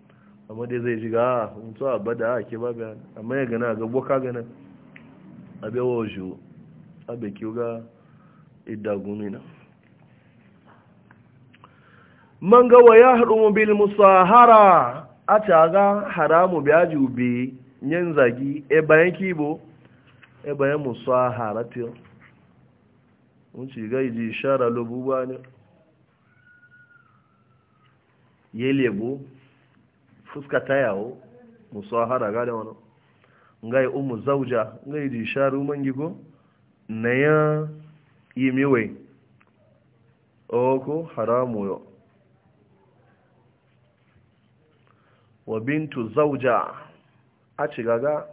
amma dai zai shiga a ah, mutu a bada ah, a ke babu yana amma ya gana ga boka gana abe wa abe kiw ga idda gumina man ga wa ya harumu bil musahara a taga haramu biyaji ubi yin zagi e bayan kibo e bayan musahara tiyo wunci gai ji ishara lobu ba ne ya lebo fuska ta yawo musu hara gada wani ngai umu zauja ngai ji ishara man gigo na ya yi miwai oko haramu yau wa bintu zauja a cigaga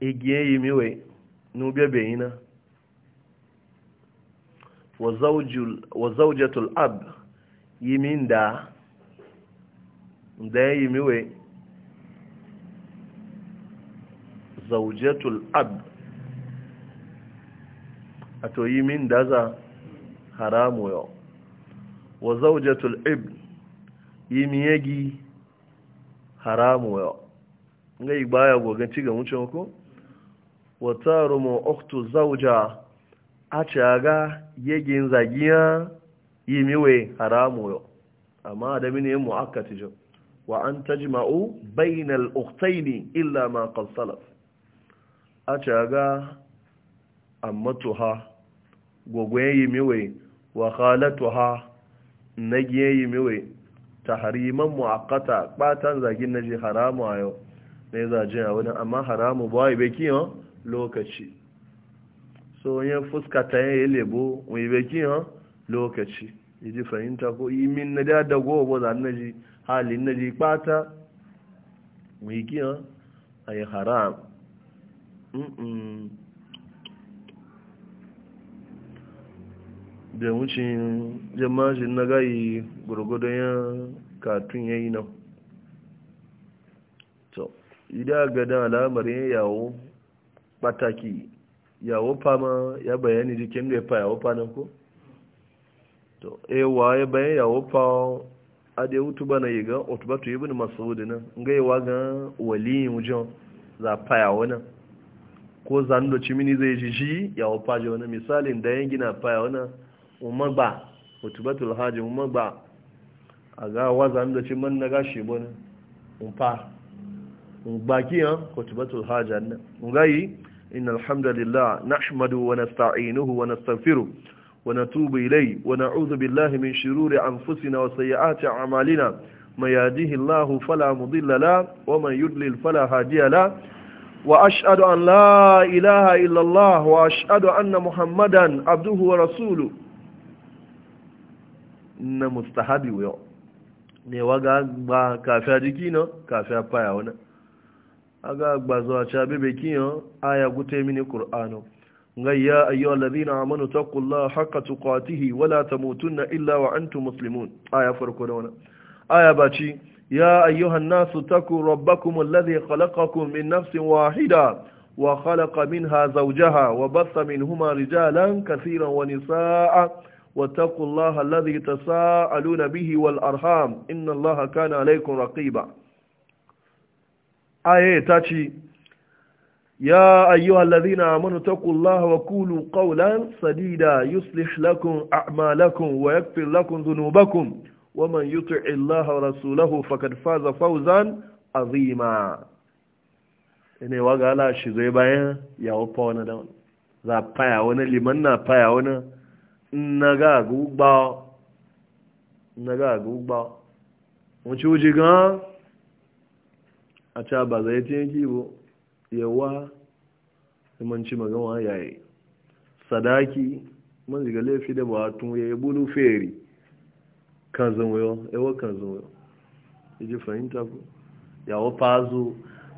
igiye yi miwai nube bayina wa zaujatul ab yi min da da ya yi miwe zaujatul ab a to yi min da za haramu yau wa zaujatul ibn yi miyegi haramu yau ngai baya gogan ci ga mucin ko wata rumo oktu zauja a caga yegin zagiya yi miwe haramu yau amma da mini yin mu'akkati jau wa an ta tajma'u bainal uktaini illa ma qad a caga ammatuha gwagwaye yi miwe wa khalatuha nagiye yi miwe tahriman mu'akkata batan zagin na naji haramu a yau ne zaje a wani amma haramu ba yi bai kiyo lokaci so ya fuskata ya yi lebo mai beki ha lokaci iji fahimta ko yi min na da dago ko za na ji hali na ji kpata mai ki ha a yi haram da wucin jamajin na gayi gurgudun ya katun ya yi nan to idan ga alamar yin yawo pàtàkì yàwó pamọ́ ya bayani di kí n yàwó pa náà kó ya bayan yàwó pa adé na yi gan otuba yi bin masaudi nan nga yawa gan waliyin wujen za pa yàwó ko za mini zai ji yàwó pa ji misalin da gina pa yàwó nan otuba a ga wa za n na otuba إن الحمد لله نحمده ونستعينه ونستغفره ونتوب إليه ونعوذ بالله من شرور أنفسنا وسيئات أعمالنا من يهديه الله فلا مضل له ومن يضلل فلا هادي له وأشهد أن لا إله إلا الله وأشهد أن محمدا عبده ورسوله إن مستحبي نيوغا ne waga ba kafin jiki aga gbazo a cabe bekin aya gute mini ƙur'anu ga ya ayyuwa lalzina amanu kula haka tuqatihi wala na illa wa antum muslimun aya farko da wannan aya baci ya ayyuhan nasu kuma rabbakum alladhi ku min nafsin wahida wa min minha zaujaha wa basa min huma rijalan sa'a wa nisaa واتقوا الله الذي bihi wal arham إن الله كان alaikun raƙiba. aya ta ce ya ayyuwa lalina manu takullawa wa kulu ƙaunar sadida yuslish lakun a'malakun wa ya fi lakun zunubakun wa man yutu wa rasulahu fakadfa za fauzan azima ne wa gala shi zai bayan ya wufa wani da wani za faya wani liman na faya wani na ga gugba wuce wuce gan a ta ba zai tiyan kibo yawa manci magana yayi sadaki man ziga laifi da ba tun yi bulu feri kan zanwayo yawa kan zanwayo yaji fahimta ko yawa fazo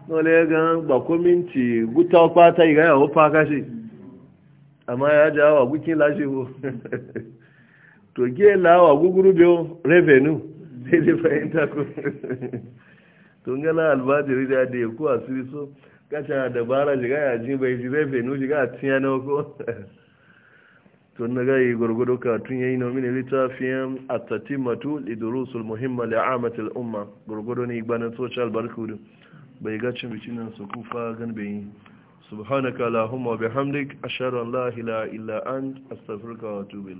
nole ga ba ko minti guta fata ga yawa fa kashi amma ya wa gukin lashe ko to ge lawa guguru biyo revenue yaji fahimta ko tun gana albajiri da da ku a siri so kacha dabara shiga ya ji bai ji zai fenu shiga a tiya na ko tun na gayi gwargwado ka tun yayi na mini littafiyan at lidurusul muhimma li'amatil umma gwargwado ne gbana social barkudu bai ga cin bikin nan su kufa gan bai subhanaka allahumma wa bihamdik ashhadu an la ilaha illa ant astaghfiruka wa atubu